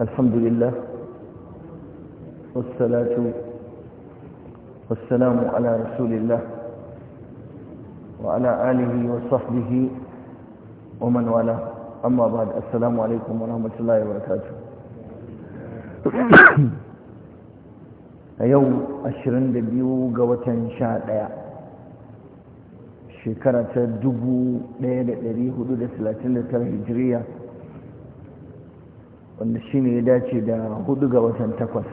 الحمد لله والصلاة والسلام على رسول الله وعلى آله وصحبه ومن والاه أما بعد السلام عليكم ورحمة الله وبركاته يوم عشرين دبيو قوة شاء الله shekara ta 1439 hijiriya wanda shi ne ya dace da hudu ga watan takwas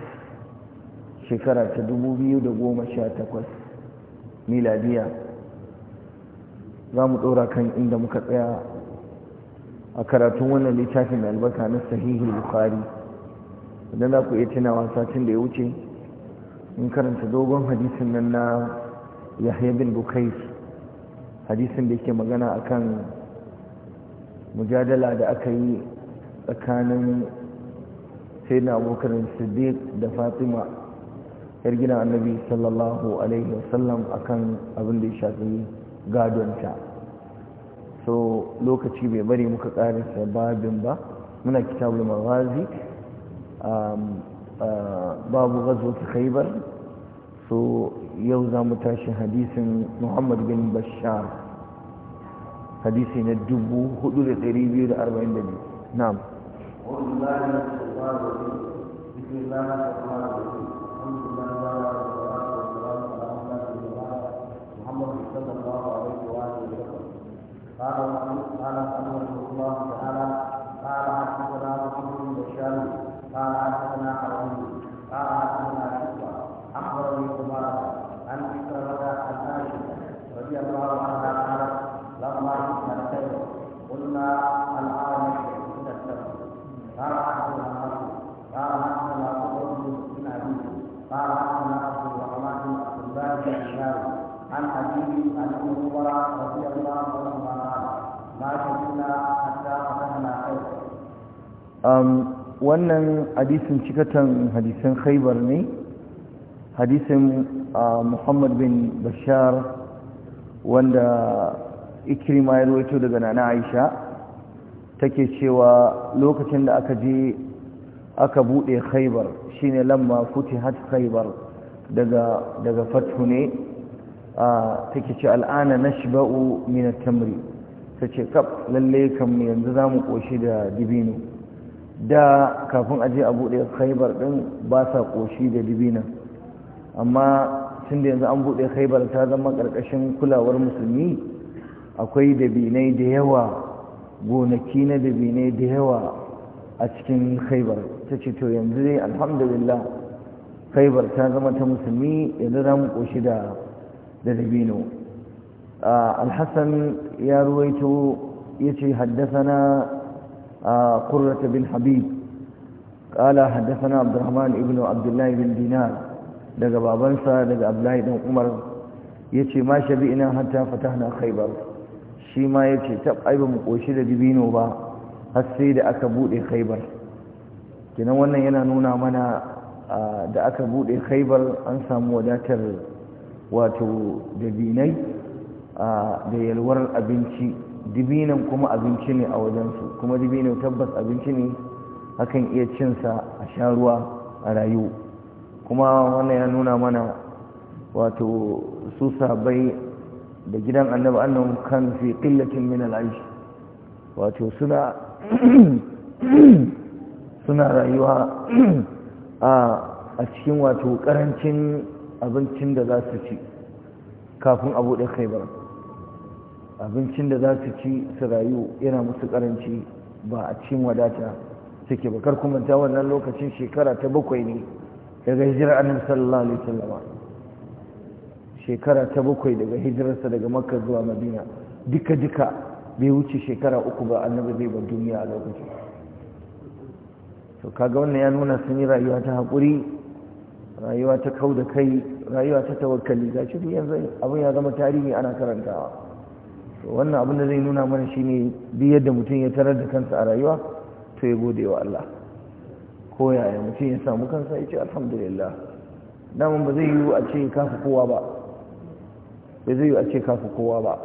shekara ta dubu biyu da goma sha takwas miladiya za mu ɗora kan inda muka tsaya a karatun wannan littafin albarka na sahihul bukari idan za ku iya tunawa satin da ya wuce in karanta dogon hadisin nan na yahya bin bukais hadisin da yake magana akan mujadala da aka yi tsakanin sai na abokan siddiq da fatima yar gina annabi sallallahu alaihi wasallam kan abin da ya shafi gadonta so lokaci bai bari muka karisa babin ba muna kitabul maghazi um, uh, babu ta khaibar so yau za mu tashi hadisin muhammad bin bashar hadisi na 4242 na'am أعوذ بالله من الشيطان الرجيم بسم الله الرحمن الرحيم الحمد لله والصلاة والسلام على أشرف الأنبياء محمد صلى الله عليه وآله وسلم قال قال رحمه الله تعالى قال حدثنا محمد بن بشار قال حدثنا حرمي قال حدثنا شقة أخبرني قبارة عن إكرمة عن عائشة الله عنها قالت لما شئنا الخير قلنا قال حدثنا قال حدثنا بن ابي قال حدثنا عبد الرحمن بن عبد الله بن عن عن ابن عمر رضي الله عنهما قال ما شهدنا حتى فتحنا wannan hadisin cikatan hadisan khaibar ne hadisin uh, muhammad bin bashar wanda ikirma ya rawaito daga nana aisha take cewa lokacin da aka je aka bude khaybar shine lamma futihat khaybar daga daga fathu ne take ce al'ana nashba'u min at-tamri tace kaf lalle kam yanzu zamu koshi da dibino da kafin aje a bude khaybar din ba sa koshi da dibina amma tunda yanzu an bude khaybar ta zama karkashin kulawar musulmi akwai dabinai da yawa gonaki na bine da yawa a cikin khaibar ta ce to yanzu dai alhamdulillah khaibar ta zama ta musulmi yanzu za mu ƙoshi da dabino alhassan ya ruwaito ya ce haddasa na قرة bin habib kala حدثنا عبد الرحمن ابن ibn الله bin dina daga babansa daga Abdullahi dan Umar yace ma ina hatta na khaibar shi ma ya ce tab ai ba mu koshi da dibino ba har sai da aka buɗe khaibar kenan wannan yana nuna mana da aka buɗe khaibar an samu wadatar wato dabinai da yalwar abinci dibinan kuma abinci ne a wajensu kuma dibino tabbas abinci ne akan iya cinsa a sha ruwa a rayu kuma wannan ya nuna mana wato su sabai da gidan annabi annabi kan fi qillatin min al wato suna suna rayuwa a cikin wato karancin abincin da za su ci kafin a kai ba abincin da za su ci su rayu yana musu karanci ba a cikin wadata suke bakar kuma ta wannan lokacin shekara ta bakwai ne daga hijira annabi sallallahu alaihi wasallam shekara ta bakwai daga hijirarsa daga makka zuwa madina duka duka bai wuce shekara uku ba annabi zai bar duniya a lokacin to kaga wannan ya nuna sun yi rayuwa ta haƙuri rayuwa ta kau da kai rayuwa ta tawakkali ga shi yanzu abin ya zama tarihi ana karantawa to wannan abin da zai nuna mana shine duk yadda mutum ya tarar da kansa a rayuwa to ya gode wa Allah ko yaya mutum ya samu kansa ya ce alhamdulillah daman ba zai yiwu a ce kafa kowa ba ba zai yi a ce kafa kowa ba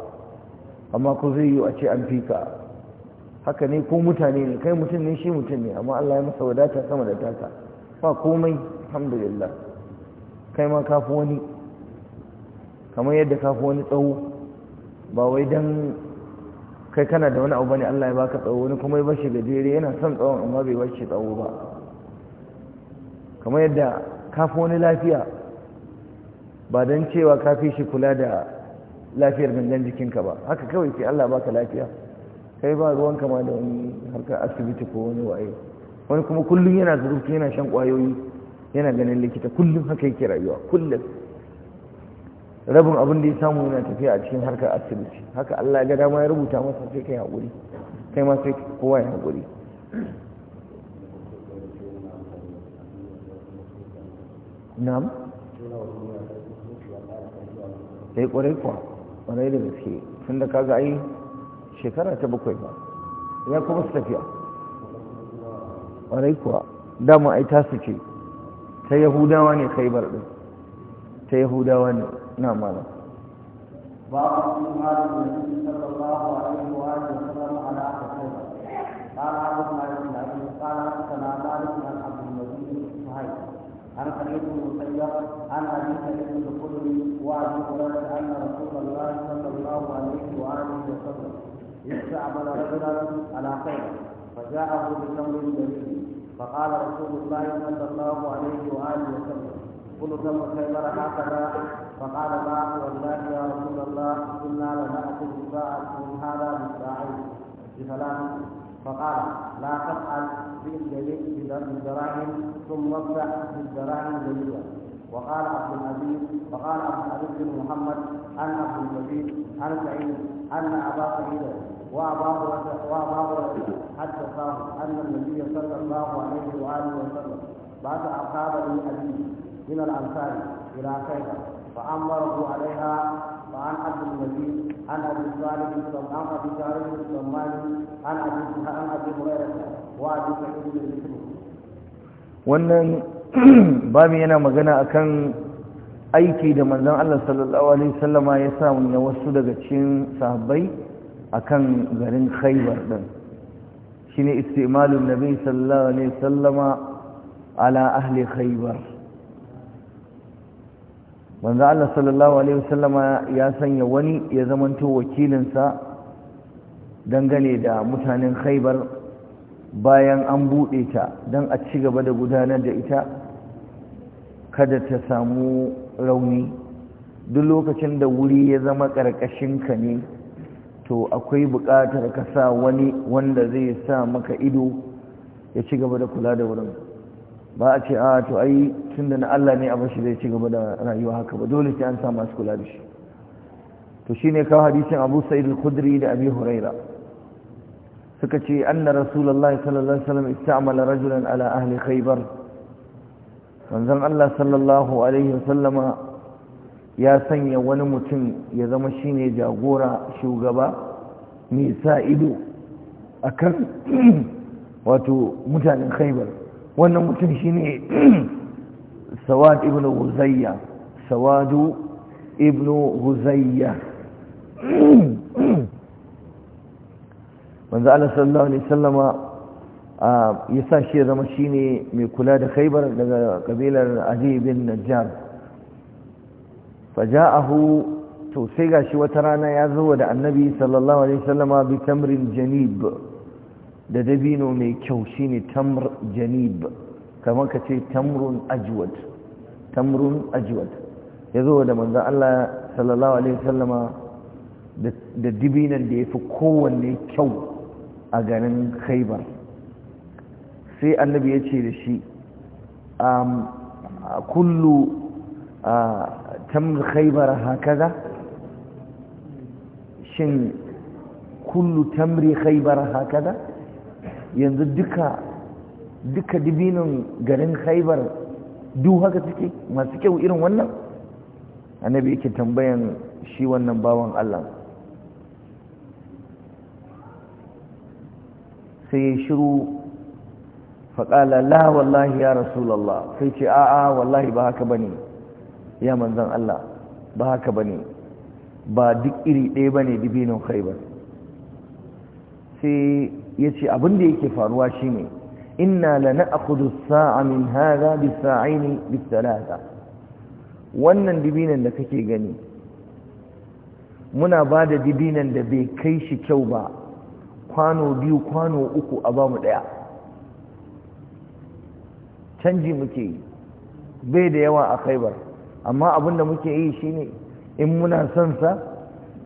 amma ko zai yi a ce an fi ka haka ne ko mutane ne kai mutum ne shi mutum ne amma Allah ya masa wadata sama da taka ba komai alhamdulillah kai ma kafi wani kamar yadda kafa wani tsawo ba wai dan kai kana da wani abu bane Allah ya baka tsawo wani kuma ya bashi gajere yana son tsawon amma bai bashi tsawo ba kamar yadda kafi wani lafiya ba don cewa ka fi shi kula da lafiyar gangan jikinka ba haka kawai fi Allah baka lafiya kai ba ruwan kama da wani harkar asibiti ko wani waye wani kuma kullum yana zurfi yana shan kwayoyi yana ganin likita kullum haka yake rayuwa kullum rabin abin da ya samu yana tafiya a cikin harkar asibiti haka Allah ya ga dama ya rubuta masa sai kai haƙuri kai ma sai kowa ya haƙuri na'am yi eh, ƙwarai kuwa kwarai da gaske tun da kaga ai shekara ta bakwai ba ya kuma su tafiya ƙwarai kuwa dama ai su ce ta yahudawa ne bar ɗin. ta yahudawa ne na malam babu sun hada da sallallahu alaihi wa sallam عن سعيد بن المسيب عن ابي سعيد الخدري وعن هريره ان رسول الله صلى الله عليه واله وسلم استعمل رجلا على خير فجاءه بتمر جميل فقال رسول الله صلى الله عليه واله وسلم كل تمر خيبر هكذا فقال لا والله يا رسول الله انا لناخذ ساعه من هذا ساعين بثلاث فقال لا تفعل بالدراهم ثم ابدع بالدراهم جميعا وقال عبد العزيز وقال عبد العزيز بن محمد عن عبد الجليل عن سعيد ان ابا سعيد وابا حتى حدثاه ان النبي صلى الله عليه واله وسلم بعث اصحابه من الانصار الى كيفه فامره عليها وعن عبد المجيد عن ابي صالح عن ابي صالح الصمالي عن ابي عن ابي هريره وابي سعيد المسلم wannan babu yana magana akan aiki da manzon Allah sallallahu alaihi wasallama ya sa ne wasu daga cikin sahabbai akan garin Khaibar din shine istimalun nabi sallallahu alaihi wasallama ala ahli Khaibar manzo Allah sallallahu alaihi wasallama ya sanya wani ya zamanto wakilinsa dangane da mutanen Khaibar bayan an bude ta dan a ci gaba da gudanar da ita kada ta samu rauni duk lokacin da wuri ya zama ka ne to akwai buƙatar ka sa wani wanda zai sa maka ido ya ci gaba da kula da wurin ba a ce a to ai tun da na Allah ne abin shi zai ci gaba da rayuwa haka ba dole sai an sa masu kula da shi to shine kawo hadisin Abu Sa'id al-Khudri da Abi Huraira suka ce anna Rasulullahi sallallahu alaihi wasallam ista'mala rajulan ala ahli Khaybar manzon Allah sallallahu alaihi wasallama ya sanya wani mutum ya zama shine jagora shugaba mai sa ido akan wato mutanen Khaybar wannan mutum shine sawad ibn huzayya sawadu ibn huzayya wanda ala sallallahu alaihi sallama ah, ya sa shi ya zama ne mai kula da Khaibar daga kabilar Adi bin Najjar faja'ahu to sai gashi wata rana ya zo da Annabi sallallahu alaihi sallama bi tamrin janib da dabino mai kyau shine tamr janib kamar ka ce tamrun ajiwad tamrun ajwad ya zo da manzan Allah sallallahu alaihi wasallama da dabinan da ya fi kowanne kyau a ganin khaibar sai annabi ya ce da shi kullu tamr khaibar hakaza shin kullu tamri khaibar hakaza yanzu duka duka dibinin garin haibar duk haka suke masu kyau irin wannan annabi yake tambayan shi wannan bawan Allah sai ya shiru faƙala la wallahi ya rasulallah sai ce a'a wallahi ba haka bane ya manzan Allah ba haka bane ba duk iri ɗaya bane dibinin haibar sai Ya ce abin da yake faruwa shine inna na as-sa'a min hadha bis-sa'aini bis-thalatha wannan dibinan da kake gani muna ba da dibinan da bai kai shi kyau ba kwano biyu kwano uku a ba mu daya canji muke yi bai da yawa a kaibar amma abin da muke yi shine in muna son sa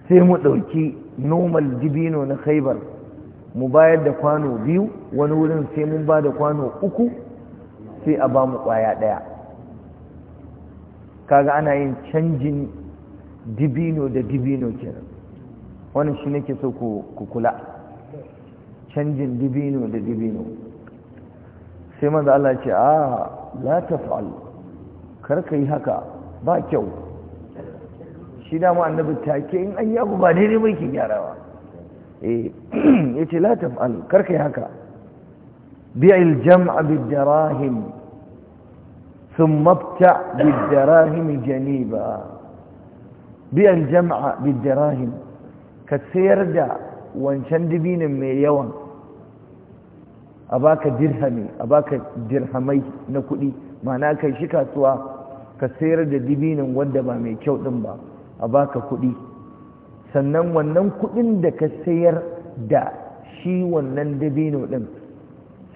sai mu ɗauki normal dibino na khaibar mu bayar da kwano biyu wani wurin sai mun ba da kwano uku sai a ba mu kwaya ɗaya kaga ana yin canjin dibino da dibino kenan wannan shi nake so ku kula canjin dibino da dibino sai maza Allah ce a ah, la taf'al kar ka yi haka ba kyau shi dama annabi take in an yi abu ba daidai bai ke gyarawa Eh, ya ce latin alkarka yi haka biyar jam'a bidarahim sun mafta bidarahim janiba biyar jam'a bidarahim ka sayar da wancan dibinin mai yawan a baka dirhami a baka dirhamai na kuɗi mana kai shi kasuwa ka sayar da dibinin wanda ba mai kyau ɗin ba a baka kuɗi sannan wannan kuɗin da ka sayar da shi wannan dabino ɗin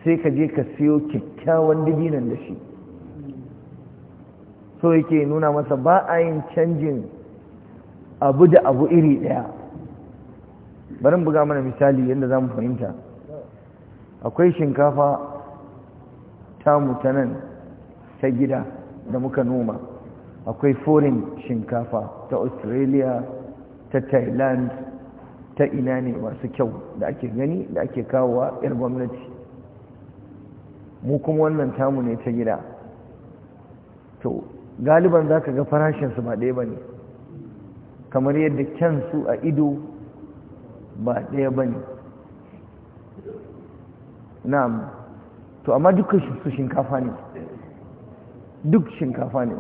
sai ka je ka sayo kyakkyawan dabinon da shi so yake nuna masa ba a yin canjin abu da abu iri ɗaya bari buga mana misali yadda za mu fahimta akwai shinkafa ta mutanen ta gida da muka noma akwai foreign shinkafa ta australia ta thailand ta ina ne masu kyau da ake gani da ake kawowa 'yar gwamnati mu kuma wannan tamu ne ta gida to galiban za ka ga farashinsu ba ɗaya ba ne kamar yadda kyansu a ido ba ɗaya ba ne na'am to amma dukkan su shinkafa ne duk shinkafa ne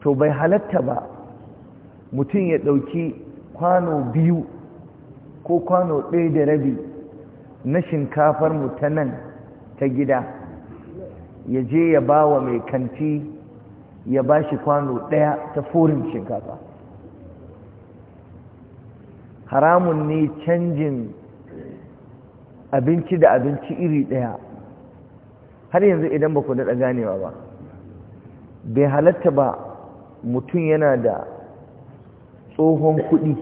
to bai halatta ba mutum ya ɗauki kwano biyu ko kwano ɗaya da rabi na shinkafar mu ta nan ta gida ya je ya ba wa mai kanti ya ba shi kwano ɗaya ta forin shinkafa haramun ne canjin abinci da abinci iri ɗaya har yanzu idan ba ku daɗa ganewa ba bai halatta ba mutum yana da tsohon kuɗi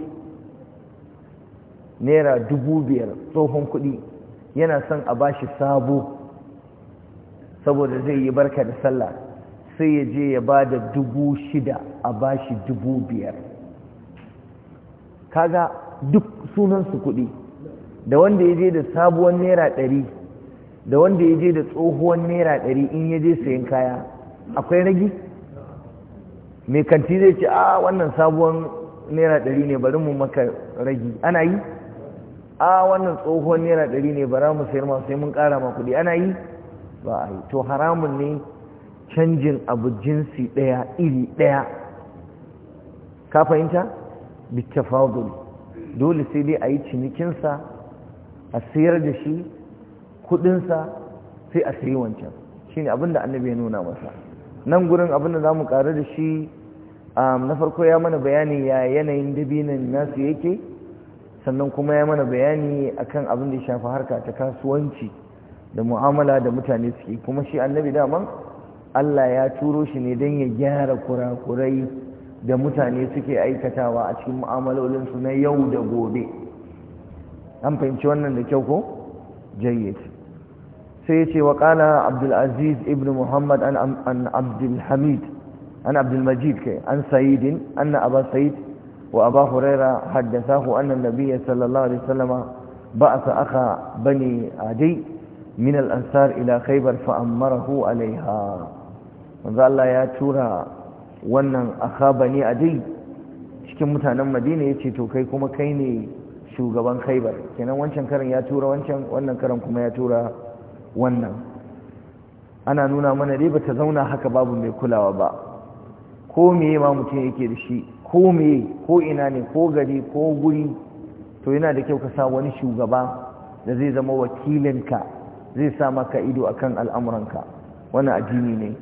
naira dubu biyar tsohon kuɗi yana son a bashi sabo saboda zai yi barka da sallah sai ya je ya ba da dubu shida a bashi dubu biyar kaga duk sunansu kuɗi da wanda ya je da sabuwar naira ɗari da wanda ya je da tsohuwar naira ɗari in ya je sayan kaya akwai ragi mai kanti zai ce a ah, wannan sabuwar naira ɗari ne bari mu maka ragi ana yi a wannan tsohon naira ɗari ne bara mu sayar ma sai mun ƙara ma kuɗi ana yi ba a yi to haramun ne canjin abu jinsi ɗaya iri ɗaya ka fahimta bitafadul dole sai dai a yi cinikinsa a sayar da shi kuɗinsa sai a sayi wancan shine abin da annabi ya nuna masa nan gurin abin da za mu ƙaru da shi na farko ya mana bayani ya yanayin dabinan nasu yake sannan kuma ya mana bayani akan abin da ya shafi harka ta kasuwanci da mu'amala da mutane suke kuma shi annabi daman Allah ya turo shi ne don ya gyara kurakurai da mutane suke aikatawa a cikin mu'amalolinsu na yau da gobe an fahimci wannan da kyau ko jayyid sai ya ce wa ƙala abdulaziz ibn muhammad an abdulhamid عن عبد المجيد wa عن سعيد أن أبا سعيد وأبا هريرة حدثاه أن النبي صلى الله عليه وسلم بعث أخا بني عدي من الأنصار إلى خيبر فأمره عليها manzo Allah ya tura wannan akhaba ne a dai cikin mutanen Madina ce to kai kuma kai ne shugaban Khaibar kenan wancan karin ya tura wancan wannan karin kuma ya tura wannan ana nuna mana dai bata zauna haka babu mai kulawa ba ko meye ma mutum yake da shi ko meye ko ina ne ko gari ko guri to yana da kyau ka sa wani shugaba da zai zama wakilinka zai sa maka ido kan al'amuranka wani addini ne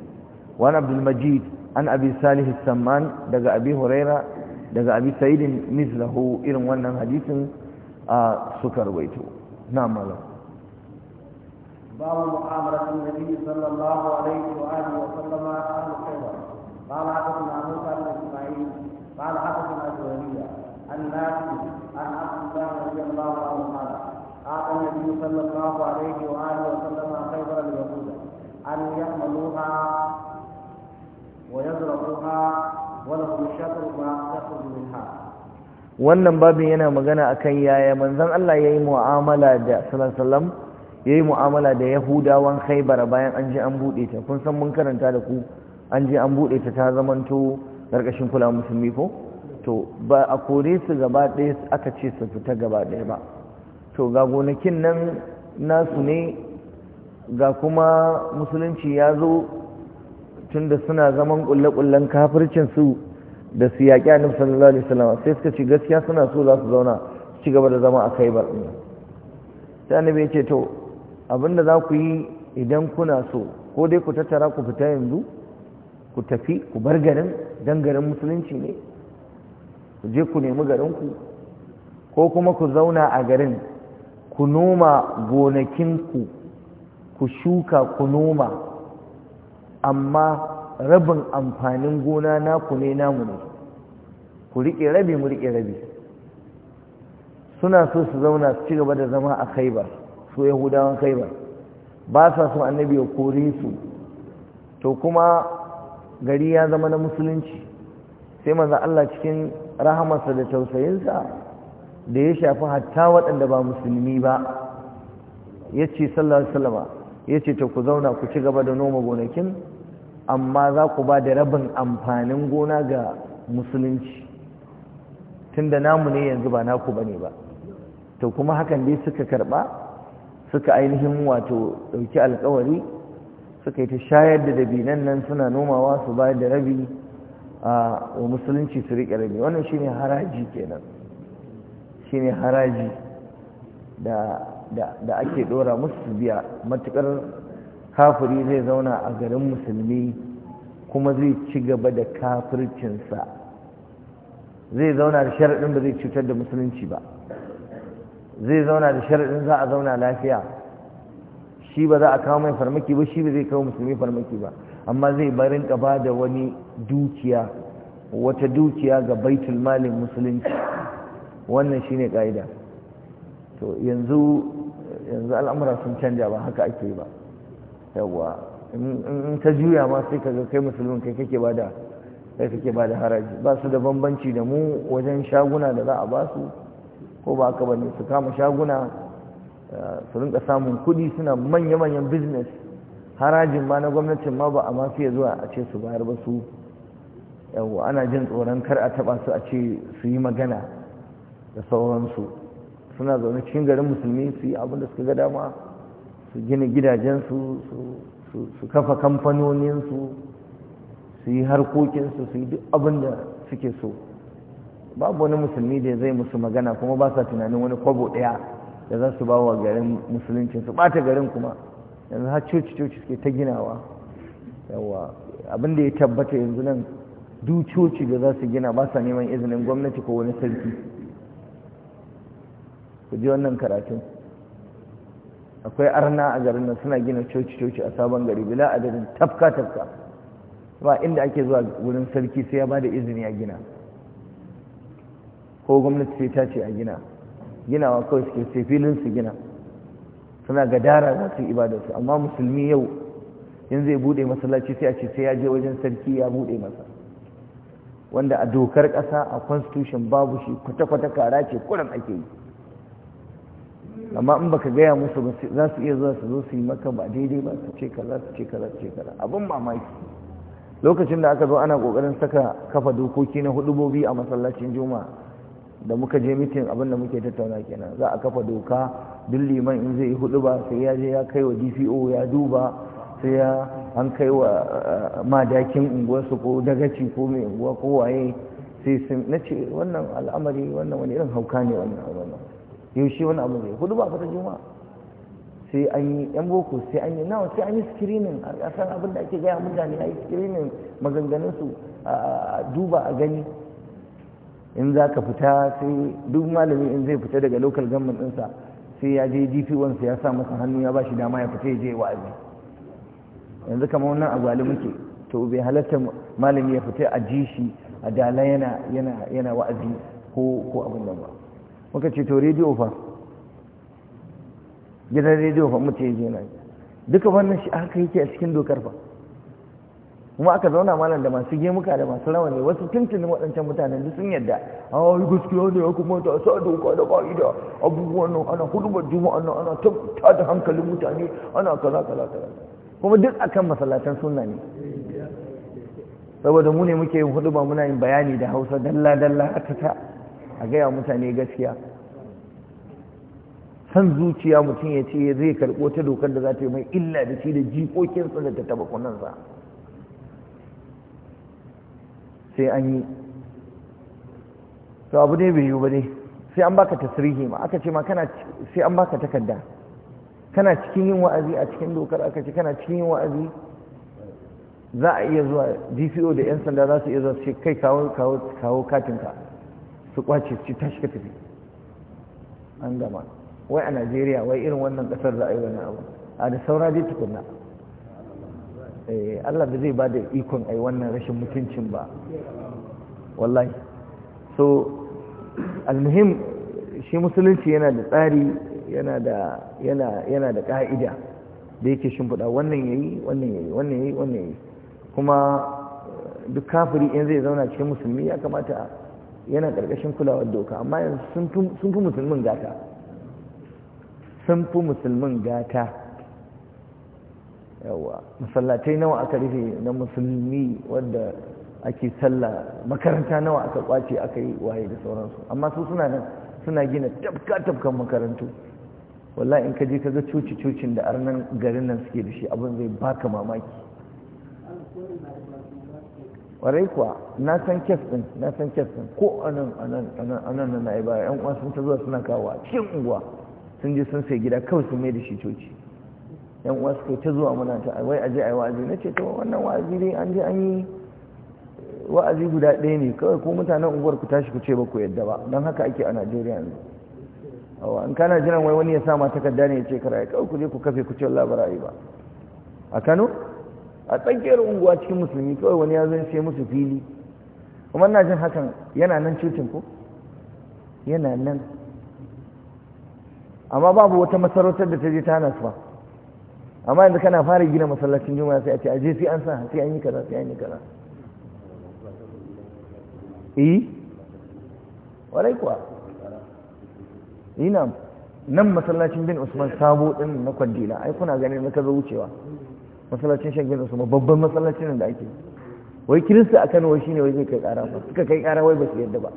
wani abdulmajid an abi salihu samman daga abi huraira daga abi sa'idin mislahu irin wannan hadisin a suka rawaito na malam باب محاضرة النبي صلى الله عليه وآله وسلم أهل خيبر قال حدثنا موسى بن اسماعيل قال حدثنا زهرية عن عن عبد الله رضي الله عنه قال أعطى النبي صلى الله عليه وآله وسلم خيبر اليهود أن يحملوها ويضربوها ولهم شطر ما تخرج منها wannan babin yana magana akan yaya manzon Allah yi mu'amala da sallallahu alaihi wasallam yayi mu'amala da Yahudawan Khaybar bayan an ji an bude ta kun san mun karanta da ku an je an buɗe ta ta zamanto ƙarƙashin kula musulmi ko to ba a kore su gaba ɗaya aka ce su fita gaba ɗaya ba to ga gonakin nan nasu ne ga kuma musulunci ya zo tun da suna zaman ƙulle-ƙullen kafircin su da su yaƙi annabi sallallahu alaihi wasallam sai suka ci gaskiya suna so za su zauna ci gaba da zama a kai ba sai annabi ya ce to abinda za ku yi idan kuna so ko dai ku tattara ku fita yanzu ku tafi ku bar garin don garin musulunci ne ku je ku nemi garinku ko kuma ku zauna a garin ku noma gonakinku ku shuka ku noma amma rabin amfanin gona naku ne namu ne ku riƙe rabi mu riƙe rabi suna so su zauna su ci gaba da zama a khaibar su yahudawan khaibar ba sa so annabi ya kore su to kuma gari ya zama na musulunci sai maza Allah cikin rahamarsa da tausayinsa da ya shafi hatta waɗanda ba musulmi ba ya ce sallar salama ya ce ta ku zauna ku ci gaba da noma gonakin amma za ku ba da rabin amfanin gona ga musulunci tunda namu ne yanzu ba naku bane ba to kuma hakan dai suka karɓa suka ainihin wato ɗauki alkawari suka yi ta shayar da dabinan nan suna nomawa su bayar da rabi a musulunci su riƙe rabi wannan shine haraji kenan shine haraji da da ake ɗora musu su biya matuƙar kafiri zai zauna a garin musulmi kuma zai ci gaba da kafircinsa zai zauna da sharaɗin ba zai cutar da musulunci ba zai zauna da sharaɗin za a zauna lafiya shi ba za a kawo mai farmaki ba shi ba zai kawo musulmi farmaki ba amma zai barin ba da wani dukiya wata dukiya ga baitul malin musulunci wannan shine ka'ida to yanzu yanzu al'amura sun canja ba haka ake ba yawwa in ka juya ma sai ka ga kai musulmin kai kake ba da kai kake ba haraji ba su da bambanci da mu wajen shaguna da za a ba su ko ba haka bane su kama shaguna su rinka samun kuɗi suna manya-manyan business harajin ma na gwamnatin ma ba a ma fiye zuwa a ce su bayar ba su yau ana jin tsoron kar a taba su a ce su yi magana da sauransu suna zaune cikin garin musulmi su yi abin da suka ga dama su gina gidajensu su kafa kamfanoninsu su yi harkokinsu su yi duk abin da suke so babu wani musulmi da zai musu magana kuma ba sa tunanin wani kwabo ɗaya da za su ba wa garin musulunci su bata garin kuma yanzu har coci-coci suke ta ginawa yawa abin da ya tabbata yanzu nan du coci da za su gina ba sa neman izinin gwamnati ko wani sarki ku ji wannan karatun akwai arna a garin nan suna gina coci-coci a sabon gari bila adadin tafka-tafka ba inda ake zuwa wurin sarki sai ya bada izini a gina ko gwamnati sai ta ce a gina ginawa kawai suke sai filin su gina suna gadara za su yi ibadarsu amma musulmi yau in zai bude masallaci sai a ce sai ya je wajen sarki ya bude masa wanda a dokar kasa a constitution babu shi kwata-kwata kara ce kuran ake yi amma in baka gaya musu ba za su iya zuwa su zo su yi maka ba daidai ba su ce kaza su ce kaza su ce kaza abin mamaki lokacin da aka zo ana kokarin saka kafa dokoki na hudubobi a masallacin juma'a da muka je mitin abin da muke tattauna kenan za a kafa doka duk liman in zai yi hudu ba sai ya je ya kai wa dpo ya duba sai ya an kai wa eh, madakin unguwarsu ko dagaci ko mai unguwa ko waye sai sun na ce wannan al'amari wannan wani irin hauka ne wannan wannan yaushe wani abu ne hudu ba fata juma'a sai an yi yan boko sai an yi nawa sai an yi screening a san abin da ake gaya mutane a yi screening maganganunsu a duba a gani in za ka fita sai duk malami in zai fita daga local gamman ɗinsa sai ya je dp wansa ya sa masa hannu ya ba shi dama ya fita ya je wa'azi yanzu kama wannan agwali muke to bai halatta malami ya fita a ji shi a dala yana yana yana wa'azi ko ko abin nan ba muka ce to rediyo fa gidan rediyo fa mu ce je na duka wannan shi aka yake a cikin dokar fa kuma aka zauna malam da masu gemuka da masu rawa ne wasu tuntunin waɗancan mutanen da sun yadda a ah, wai gaskiya ne ya kuma ta sa doka da baida abubuwan nan ana hudubar juma'a nan ana ta da hankalin mutane ana kala kala kala kuma duk akan masallatan sunna ne saboda mu ne muke yin huduba muna yin bayani da hausa dalla dalla ta a gaya mutane gaskiya san zuciya mutum ya ce zai karɓo ta dokar da za ta yi mai illa da shi da jikokinsa da ta taba kunansa sai an yi to abu ne bai yi ba ne sai an baka tasirihi ma aka ce ma kana sai an baka takarda kana cikin yin wa'azi a cikin dokar aka ce kana cikin yin wa'azi za a iya zuwa dpo da 'yan sanda za su iya zuwa ce kai kawo katinka su kwace su tashi ka tafi an gama wai a najeriya wai irin wannan kasar za a yi wani abu a da saura dai tukunna Eh, Allah ba zai ba da ikon ai wannan rashin mutuncin ba wallahi so almuhim shi musulunci yana da tsari yana da yana yana da ka'ida da yake shimfiɗa wannan yayi wannan yayi wannan yayi wannan yayi kuma eh, duk kafiri in zai zauna cikin musulmi ya kamata yana ƙarƙashin kulawar doka amma yanzu sun fi sun fi musulmin gata yawa masallatai nawa aka rufe na musulmi wanda ake sallah makaranta nawa aka kwace aka yi waye da sauransu amma su suna nan suna gina tafka tafkan makarantu wallahi in ka je ka ga cuci cucin da arnan garin nan suke da shi abin zai baka mamaki warai kuwa na san kes din na san kes din ko anan anan anan anan na yi yan uwa sun ta zuwa suna kawo a cikin unguwa sun je sun sai gida kawai sun mai da shi coci yan wasu ta zuwa muna ta wai aje ai wa'azi na ce to wannan wa'azi dai an je an yi eh, wa'azi guda ɗaya ne kawai ko mutanen unguwar ku tashi ku ce ba ku yadda ba don haka ake a Najeriya yanzu awa in kana jiran wai wani ya sa ma takarda ne ya ce karaye kawai ku je ku kafe ku ce Allah ba ra'ayi ba a Kano a tsakiyar unguwa cikin musulmi kawai wani ya zo ya sai musu fili kuma ina jin hakan yana nan cocin ko yana nan amma babu wata masarautar da ta je ta nasu ba amma yanzu kana fara gina masallacin juma'a sai a ce aje sai an sa sai an yi kaza sai an yi kaza eh warai kuwa ina nan masallacin bin usman sabo din na kwandila ai kuna ganin na kaza wucewa masallacin shan bin usman babban masallacin da ake wai kirista a kano wai shine wai zai kai kara ba suka kai kara wai ba su yadda ba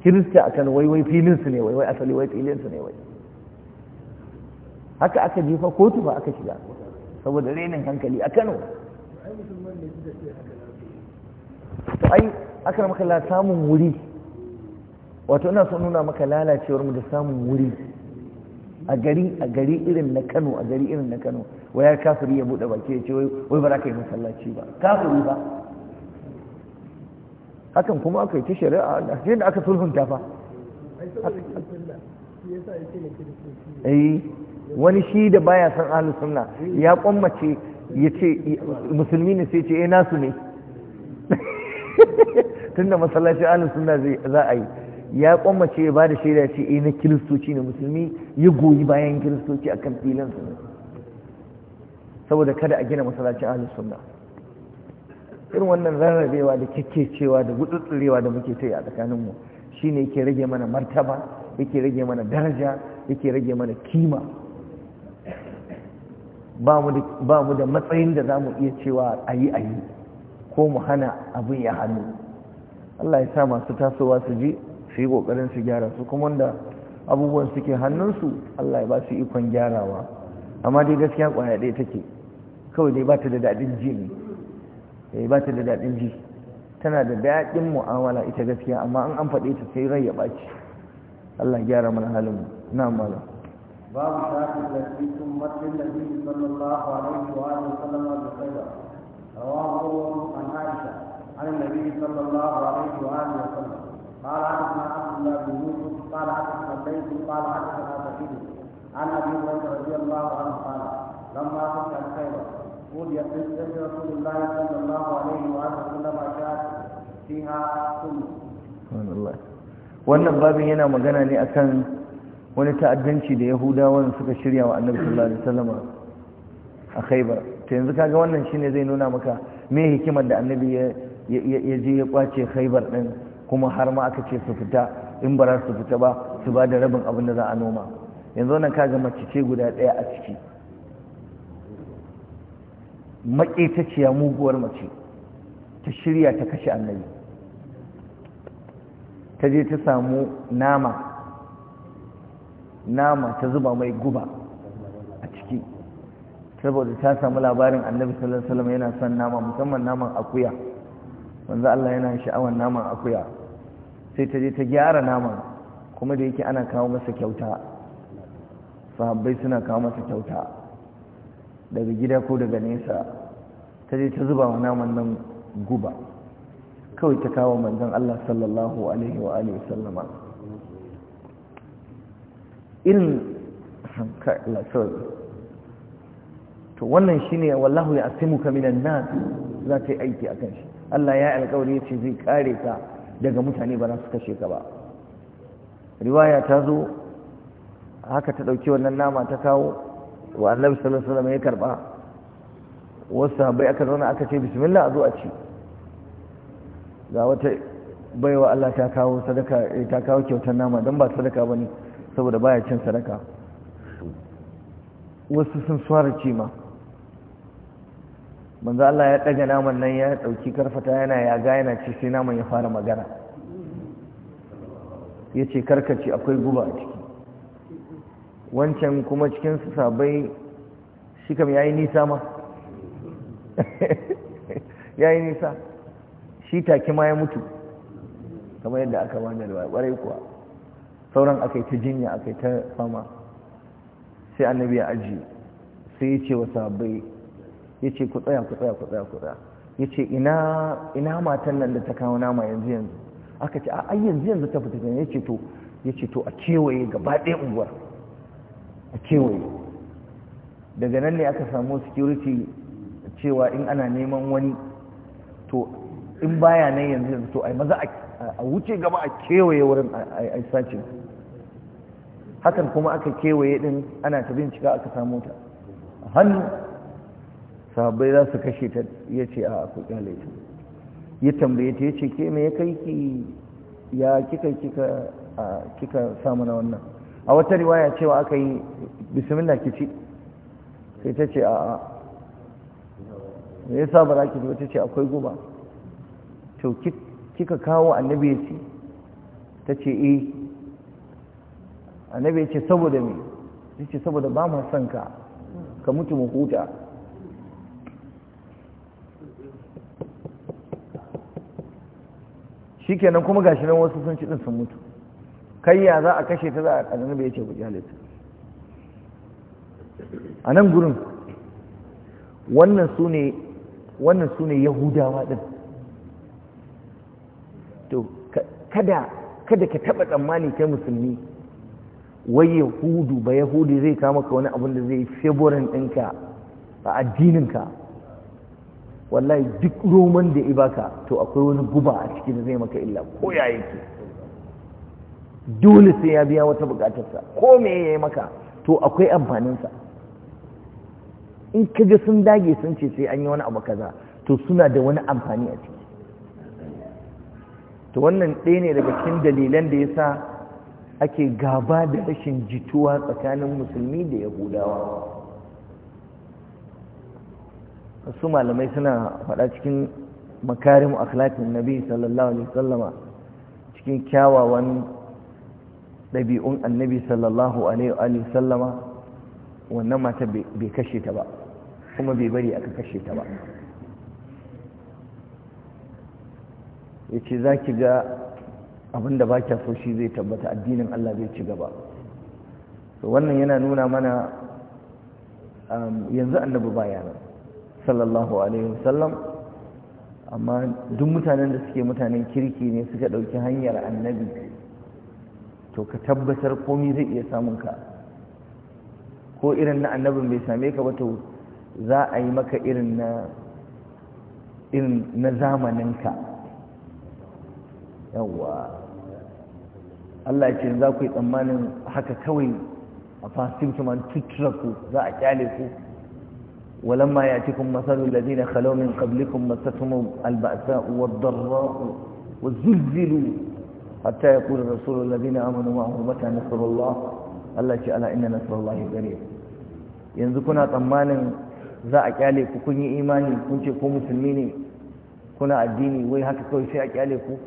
kirista a kano wai wai filin su ne wai wai asali wai filin su ne wai haka aka jefa kotu ba aka shiga saboda renin hankali a kano to ai aka maka la samun wuri wato ina son nuna maka lalacewar mu da samun wuri a gari a gari irin na kano a gari irin na kano waya kafiri ya buɗe baki ya ce wai ba za ka yi masallaci ba kafiri ba hakan kuma aka yi ta shari'a a da aka sulhunta fa eh wani shi da baya san ahlus sunna ya kwammace ya ce musulmi ne sai ce eh nasu ne tunda masallaci ahlus sunna za a yi ya kwammace ya ba da shaida ce eh na kiristoci ne musulmi ya goyi bayan kiristoci akan filan su saboda kada a gina masallacin ahlus sunna irin wannan rarrabewa da cewa da gudutsurewa da muke ta yi a mu shine yake rage mana martaba yake rage mana daraja yake rage mana kima ba mu da matsayin da za mu iya cewa a yi a ko mu hana abin ya hannu Allah ya sa masu tasowa su ji su yi ƙoƙarin su gyara su kuma wanda abubuwan suke hannunsu Allah ya ba su ikon gyarawa amma dai gaskiya ƙwaya ɗaya take kawai dai ba ta da daɗin ji ne eh, ba ta da daɗin ji tana da daɗin mu'amala ita gaskiya amma an an faɗe ta sai rai ya ɓaci Allah gyara mana halin na malam باب شاك التي سمت للنبي صلى الله عليه واله وسلم بخير رواه عن عائشه عن النبي صلى الله عليه واله وسلم قال عبد الله بن يوسف قال عبد الله قال بن سعيد عن ابي هريره رضي الله عنه قال لما فتح خيبر قول يقتل رسول الله صلى الله عليه واله وسلم شاك فيها كله. سبحان الله wannan babin yana magana ne akan wani ta'addanci da yahudawan suka shirya wa annabi sallallahu alaihi wasallam a khaybar to yanzu kaga wannan shine zai nuna maka me hikimar da annabi ya ya je ya kwace khaybar din kuma har ma aka ce su fita in ba su fita ba su ba da rabin abin da za a noma yanzu wannan kaga mace ce guda daya a ciki maƙetaciya muguwar mace ta shirya ta kashe annabi ta je ta samu nama nama ta zuba mai guba a ciki saboda ta samu labarin annabi sallallahu alaihi wasallam yana son nama musamman naman akuya wanzu Allah yana sha'awan naman akuya sai ta je ta gyara naman kuma da yake ana kawo masa kyauta sahabbai suna kawo masa kyauta daga gida ko daga nesa ta je ta zuba wa naman nan guba kawai ta kawo manzon Allah sallallahu alaihi wa alihi wasallama irin to wannan shine wallahu ya asimuka minan nas za ta yi aiki a kan shi Allah ya alƙawari ce zai kare ka daga mutane ba za su kashe ka ba riwaya ta zo haka ta dauki wannan nama ta kawo wa Annabi sallallahu alaihi wasallam ya karba wasu sahabbai aka zauna aka ce bismillah a zo a ci ga wata baiwa Allah ta kawo sadaka eh, ta kawo kyautar nama don ba sadaka bane saboda baya cin sadaka wasu sun swara ce manzo Allah ya daga naman nan ya dauki karfata yana yaga yana ci sai naman ya fara magana yace karkaci akwai guba a ciki wancan kuma cikin su sabai shi kam yayi nisa ma yayi nisa shi take ma ya mutu kamar yadda aka wani da kwarai kuwa sauran aka yi ta jinya aka yi ta fama sai annabi ya aji sai ya ce wa sahabbai ya ce ku tsaya ku tsaya ku tsaya ku tsaya ya ce ina matan nan da ta kawo nama yanzu yanzu aka ce a yanzu yanzu ta fita ya ce to ya ce to a kewaye gaba ɗaya unguwar a kewaye daga nan ne aka samu security cewa in ana neman wani to in baya nan yanzu yanzu to ai maza a a wuce gaba a kewaye wurin a sace hakan kuma aka kewaye din ana ta bincika aka samu ta hannu sahabbai za su kashe ta ya ce a ku kyale ta ya tambaye ta ya ce ke me ya kai ki ya kika kika kika samu na wannan a wata riwaya cewa aka yi bismillah ki ci sai ta ce a me ya sa za ki ta ce akwai guba to kika kawo annabi ya ce ta ce eh annabi ya ce saboda me ya ce saboda ba mu son ka ka mutu mu huta shi kenan kuma gashi nan wasu sun ci din sun mutu kai ya za a kashe ta za a annabi ya ce ku halitta a nan gurin wannan su ne yahudawa din to kada kada ka taba tsammani kai musulmi wai yahudu ba yahudu zai kama ka wani abin da zai favorin ɗinka a addininka wallahi duk roman da ya baka to akwai wani guba a ciki da zai maka illa ko ya yake dole sai ya biya wata bukatarsa ko me ya yi maka to akwai amfaninsa in kaga sun dage sun ce sai an yi wani abu kaza to suna da wani amfani a ciki to wannan ɗaya ne daga cikin dalilan da ya sa ake gaba da rashin jituwa tsakanin musulmi da yahudawa su malamai suna faɗa cikin makarim akhlaqin nabi sallallahu alaihi wasallama cikin kyawawan dabi'un annabi sallallahu alaihi wasallama wannan mata bai kashe ta ba kuma bai bari aka kashe ta ba ya ce za ki ga abin da ba kya so shi zai tabbata addinin Allah zai ci gaba wannan yana nuna mana um, yanzu annabi bayanan sallallahu alaihi wasallam amma duk mutanen da suke mutanen kirki ne suka ɗauki hanyar annabi to ka tabbatar komi zai iya samun ka ko irin na annabin bai same ka ba to za a yi maka irin na zamanin ka. yawwa Allah ya ce za ku yi tsammanin haka kawai a fasim fasimtum an tutraku za a kyale ku walamma ya ce ولما يأتكم مثل الذين خلوا من قبلكم مستهم البأساء والضراء وزلزلوا حتى يقول الرسول الذين آمنوا معه متى نصر Allah الله تعالى إن نصر الله قريب yanzu kuna tsammanin za a kyale ku kun yi imani kun ce ku musulmi ne kuna addini wai haka kawai sai a kyale ku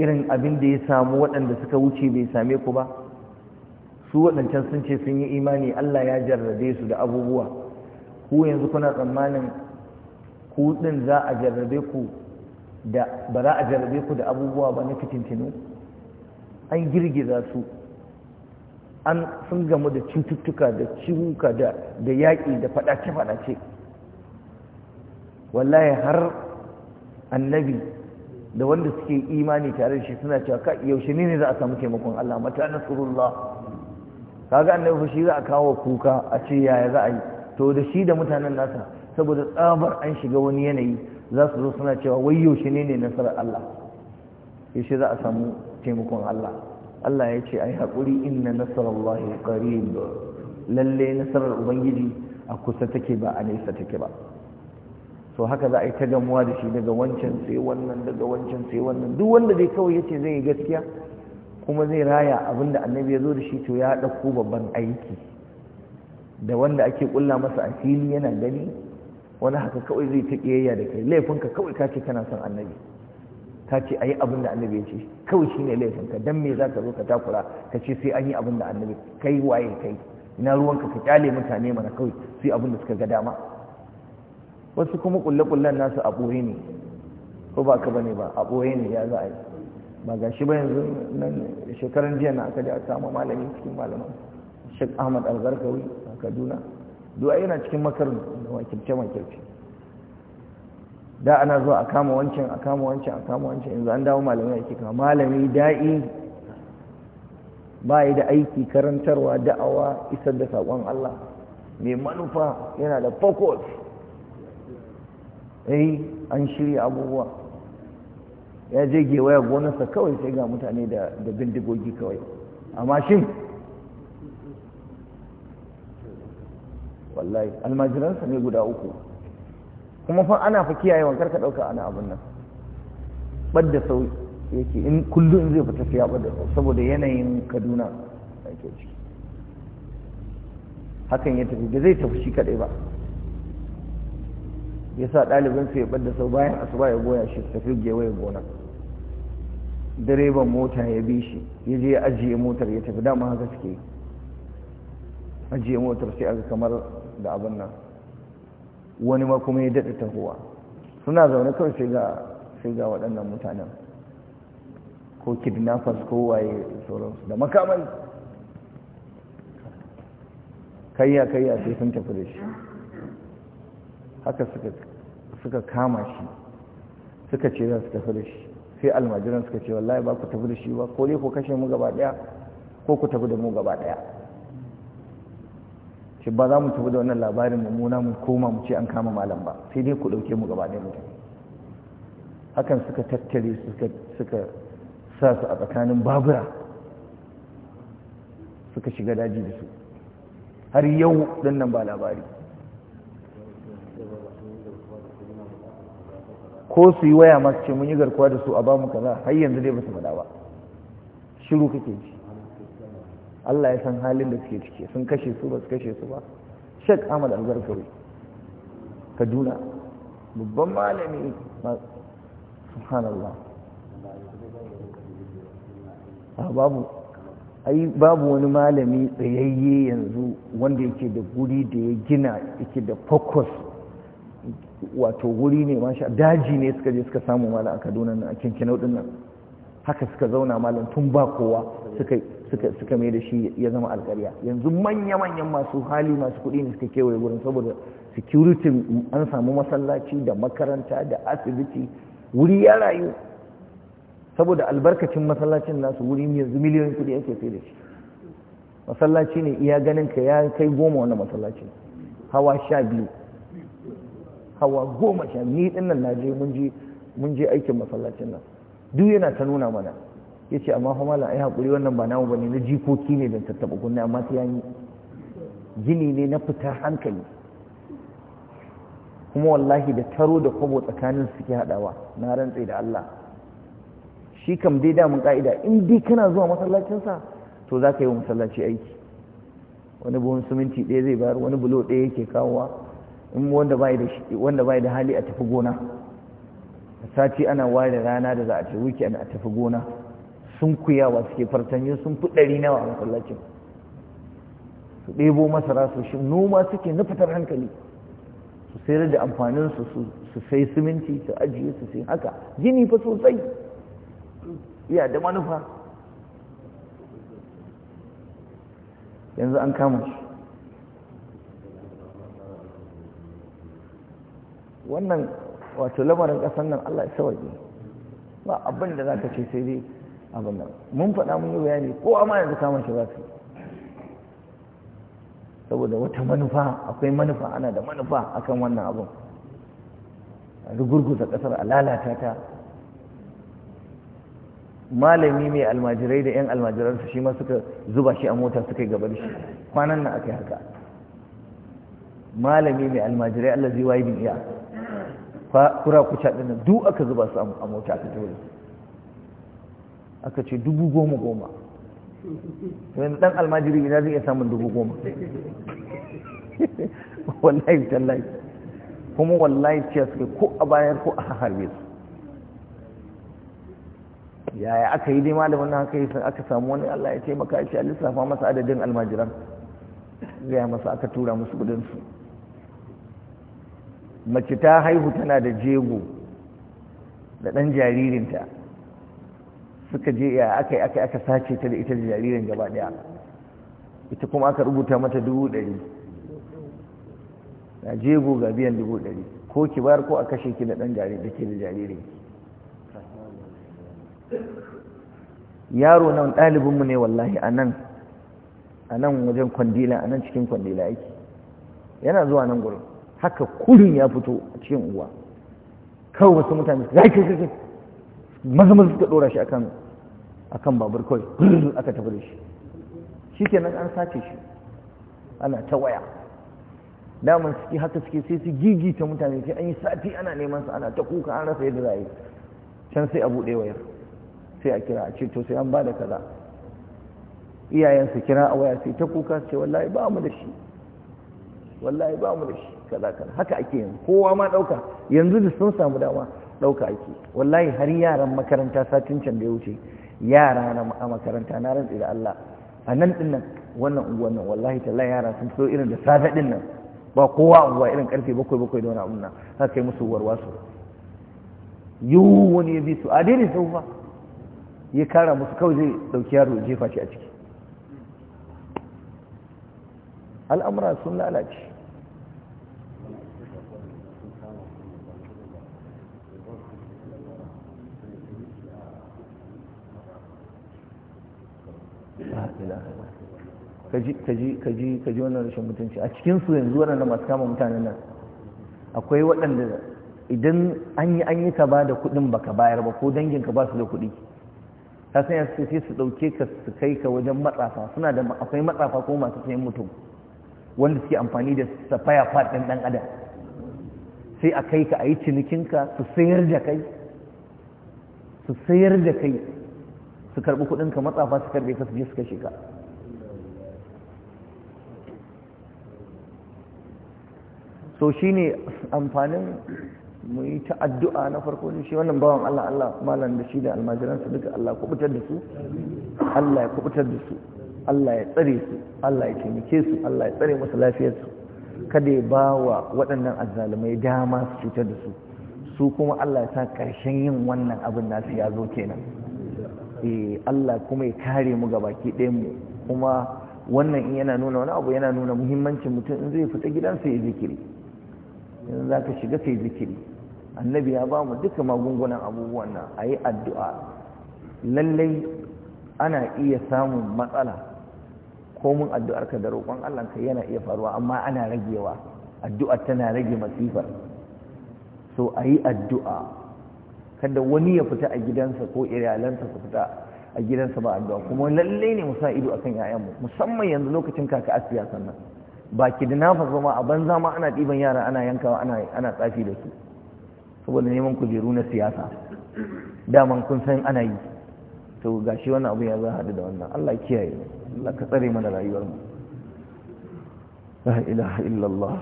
irin abin da ya samu waɗanda suka wuce bai same ku ba su waɗancan sun ce sun yi imani Allah ya jarrabe su da abubuwa ku yanzu kuna tsammanin ku ɗin za a jarrabe ku da ba za a jarrabe ku da abubuwa ba na fitintinu an girgiza su an sun gamu da cututtuka da ciwuka da yaƙi da faɗace-faɗace wallahi har annabi da wanda suke imani tare da shi suna cewa ka yaushe ne za a samu taimakon Allah mata nasrullah kaga annabi fa shi za a kawo kuka a ce yaya za a yi to da shi da mutanen nasa saboda tsabar an shiga wani yanayi za su zo suna cewa wai yaushe ne ne nasarar Allah yaushe za a samu taimakon Allah Allah ya ce ai haƙuri inna nasarallahi qarib lalle nasarar ubangiji a kusa take ba a nesa take ba to haka za a yi ta gamuwa da shi daga wancan sai wannan daga wancan sai wannan duk wanda zai kawai yace zai yi gaskiya kuma zai raya abin annabi ya zo da shi to ya ɗauko babban aiki da wanda ake ƙulla masa a fili yana gani wani haka kawai zai ta ƙiyayya da kai laifinka kawai ka ce kana son annabi ka ce a yi abin da annabi ya ce kawai shi ne laifinka don me za ka zo ka takura ka ce sai an yi abin annabi kai waye kai ina ruwanka ka kyale mutane mana kawai sai abin da suka ga dama wasu kuma kulle-kullen nasu a ɓoye ne ko ba ka bane ba a ɓoye ne ya za a yi ba ga shi ba yanzu nan shekaran jiya na aka ji a samu malami cikin malaman shek ahmad algarkawi a kaduna duwa yana cikin makarin da wakilce wakilce da ana zuwa a kama wancan a kama wancan a kama wancan yanzu an dawo malamai ake kama malami da'i ba yi da aiki karantarwa da'awa isar da saƙon allah mai manufa yana da focus eh an shirya abubuwa ya je gewaya gonarsa kawai sai ga mutane da bindigogi kawai amma shin wallahi almajiransa ne guda uku kuma fa ana fa kiyayewa ka ɗauka ana abin nan Badda sau yake in kullum zai fita siya ɓadda sau saboda yanayin kaduna ake ciki hakan ya tafi da zai tafi shi kaɗai ba ya sa su ya ɓadda sau bayan asuba ya goya shi tafi ya gona direban mota ya bi shi ya je ya ajiye motar ya tafi dama haka suke ajiye motar sai aka kamar da abin nan wani ma kuma ya daɗa tahowa suna zaune kawai sai ga sai ga waɗannan mutanen ko kidnappers ko waye sauransu da makamai kayya kayya sai sun tafi da shi haka suka suka kama shi suka ce za su tafi da shi sai almajiran suka ce wallahi ba ku tafi da shi ba ko dai ku kashe mu gaba daya ko ku tafi da mu gaba daya shi ba za mu tafi da wannan labarin mummuna mu koma mu ce an kama malam ba sai dai ku dauke mu gaba daya mutum hakan suka tattare suka suka sa su a tsakanin babura suka shiga daji da su har yau dinnan ba labari ko su yi waya masu ce mun yi garkuwa da su a bamu kaza har yanzu dai basu faɗa ba shiru kake ji Allah ya san halin da suke ciki sun kashe su ba su kashe su ba Sheikh Ahmad Al-Zarkawi Kaduna babban malami subhanallah babu ai babu wani malami tsayayye yanzu wanda yake da guri da ya gina yake da focus wato wuri ne masha daji ne suka je suka samu malam a kaduna nan a kinkinau din nan haka suka zauna malam tun ba kowa suka mai da shi ya zama alkarya yanzu manya-manyan masu hali masu kuɗi ne suka kewaye wurin saboda security an samu masallaci da makaranta da asibiti wuri ya rayu saboda albarkacin masallacin nasu wuri yanzu miliyoyin kuɗi ake sai da shi masallaci ne iya ganin ka ya kai goma wannan masallaci hawa sha biyu hawa goma sha ni din nan na mun je mun je aikin masallacin nan duk yana ta nuna mana yace amma fa la ai hakuri wannan ba namu bane na jikoki ne dan tattaba kunna amma sai yayi gini ne na fitar hankali kuma wallahi da taro da kwabo tsakanin suke hadawa na rantse da Allah shi kam dai damun ka'ida in dai kana zuwa sa to zaka yi wa masallaci aiki wani buhun siminti ɗaya zai bayar wani bulo ɗaya yake kawowa in wanda bai da wanda bai da hali a tafi gona sati ana ware rana da za a ce wuki a tafi gona sun kuyawa suke fartanyo sun fi ɗari nawa a masallacin su ɗebo masara su shi noma suke na fitar hankali su sayar da su su sai siminti su ajiye su sai haka gini fa sosai iya da manufa yanzu an kama shi wannan wato lamarin kasan nan Allah ya sauke ba abin da zaka ce sai dai abin nan mun faɗa mun yi bayani ko amma yanzu kama shi za su saboda wata manufa akwai manufa ana da manufa akan wannan abin a rugurguza ƙasar a lalata ta malami mai almajirai da 'yan su shi ma suka zuba shi a mota suka yi gaba da shi kwanan nan aka yi haka malami mai almajirai Allah zai wayi iya kura kuca nan duk aka zuba su a mota aka tole aka ce dubu goma goma yanzu ɗan almajiri ina zai iya samun dubu goma wallahi tallahi kuma wallahi ce suke ko a bayan ko a harbe su yaya aka yi dai malamin nan aka yi aka samu wani Allah ya taimaka ce a lissafa masa adadin almajiran gaya masa aka tura musu kudinsu mace ta haihu tana da jego da ɗan jaririnta suka je ya aka yi aka aka sace ta da ita da jaririn gaba ɗaya ita kuma aka rubuta mata dubu ɗari na jego ga biyan dubu ɗari ko ki bayar ko a kashe ki da ɗan jaririn da ke da jaririn yaro nan ɗalibinmu ne wallahi a nan a nan wajen kwandila a nan cikin kwandila yake yana zuwa nan gurin haka kurin ya fito a cikin uwa kawai wasu mutane za ki kake maza maza suka dora shi akan akan babur kawai aka tafi da shi shi nan an sace shi ana ta waya daman suke haka suke sai su gigita mutane sai an yi sati ana neman su ana ta kuka an rasa yadda za a yi can sai a buɗe wayar sai a kira a ce to sai an ba da kaza iyayen su kira a waya sai ta kuka su ce wallahi ba mu da shi wallahi ba mu da shi kaza kaza haka ake yin kowa ma ɗauka yanzu da sun samu dama ɗauka ake wallahi har yaran makaranta satin can da ya wuce yara na a makaranta na rantsi da Allah a nan ɗin nan wannan unguwan nan wallahi tallahi yara sun so irin da safe ɗin nan ba kowa unguwa irin karfe bakwai bakwai da wani abun nan za ka yi musu su yiwu wani ya bi su a daidai sau fa ya kara musu kawai zai ɗauki yaro jefa shi a ciki al'amura sun lalace ilaha kaji kaji kaji wannan rashin mutunci a cikin su yanzu waɗanda masu kama mutanen nan akwai waɗanda idan an yi an yi ka ba da kuɗin baka bayar ba ko dangin ka ba su da kuɗi ta sanya su sai su ɗauke ka su kai ka wajen matsafa suna da akwai matsafa ko masu sayan mutum wanda suke amfani da safaya faɗin ɗan adam sai a kai ka a yi cinikinka su sayar da kai su sayar da kai su karbi kuɗin ka matsafa su karbe ka su je su kashe ka so shine amfanin mu yi ta addu'a na farko ne shi wannan bawan Allah Allah malam da shi da almajiransu duka Allah kubutar da su Allah ya kubutar da su Allah ya tsare su Allah ya taimake su Allah ya tsare musu lafiyarsu kada ya ba wa waɗannan azzalumai dama su cutar da su su kuma Allah ya sa ƙarshen yin wannan abin nasu ya zo kenan eh Allah kuma ya kare mu baki ɗayan mu kuma wannan in yana nuna wani abu yana nuna muhimmancin mutum in zai fita gidansa ya zikiri yanzu za ka shiga sai zikiri annabi ya ba mu duka magungunan abubuwan nan a yi addu'a lallai ana iya samun matsala ko komin addu'arka da roƙon Allah, yana iya faruwa amma ana ragewa addu'a tana rage masifar so a yi addu'a kada wani ya fita a gidansa ko iyalansa su fita a gidansa ba addu'a kuma lalle ne mu sa ido akan mu? musamman yanzu lokacin kaka asiya sannan ba ki da nafa zama a banza ma ana diban yara ana yankawa ana ana tsafi da su saboda neman kujeru na siyasa daman kun san ana yi to gashi wannan abu ya za hadu da wannan Allah kiyaye Allah ka tsare mana rayuwar mu la ilaha illallah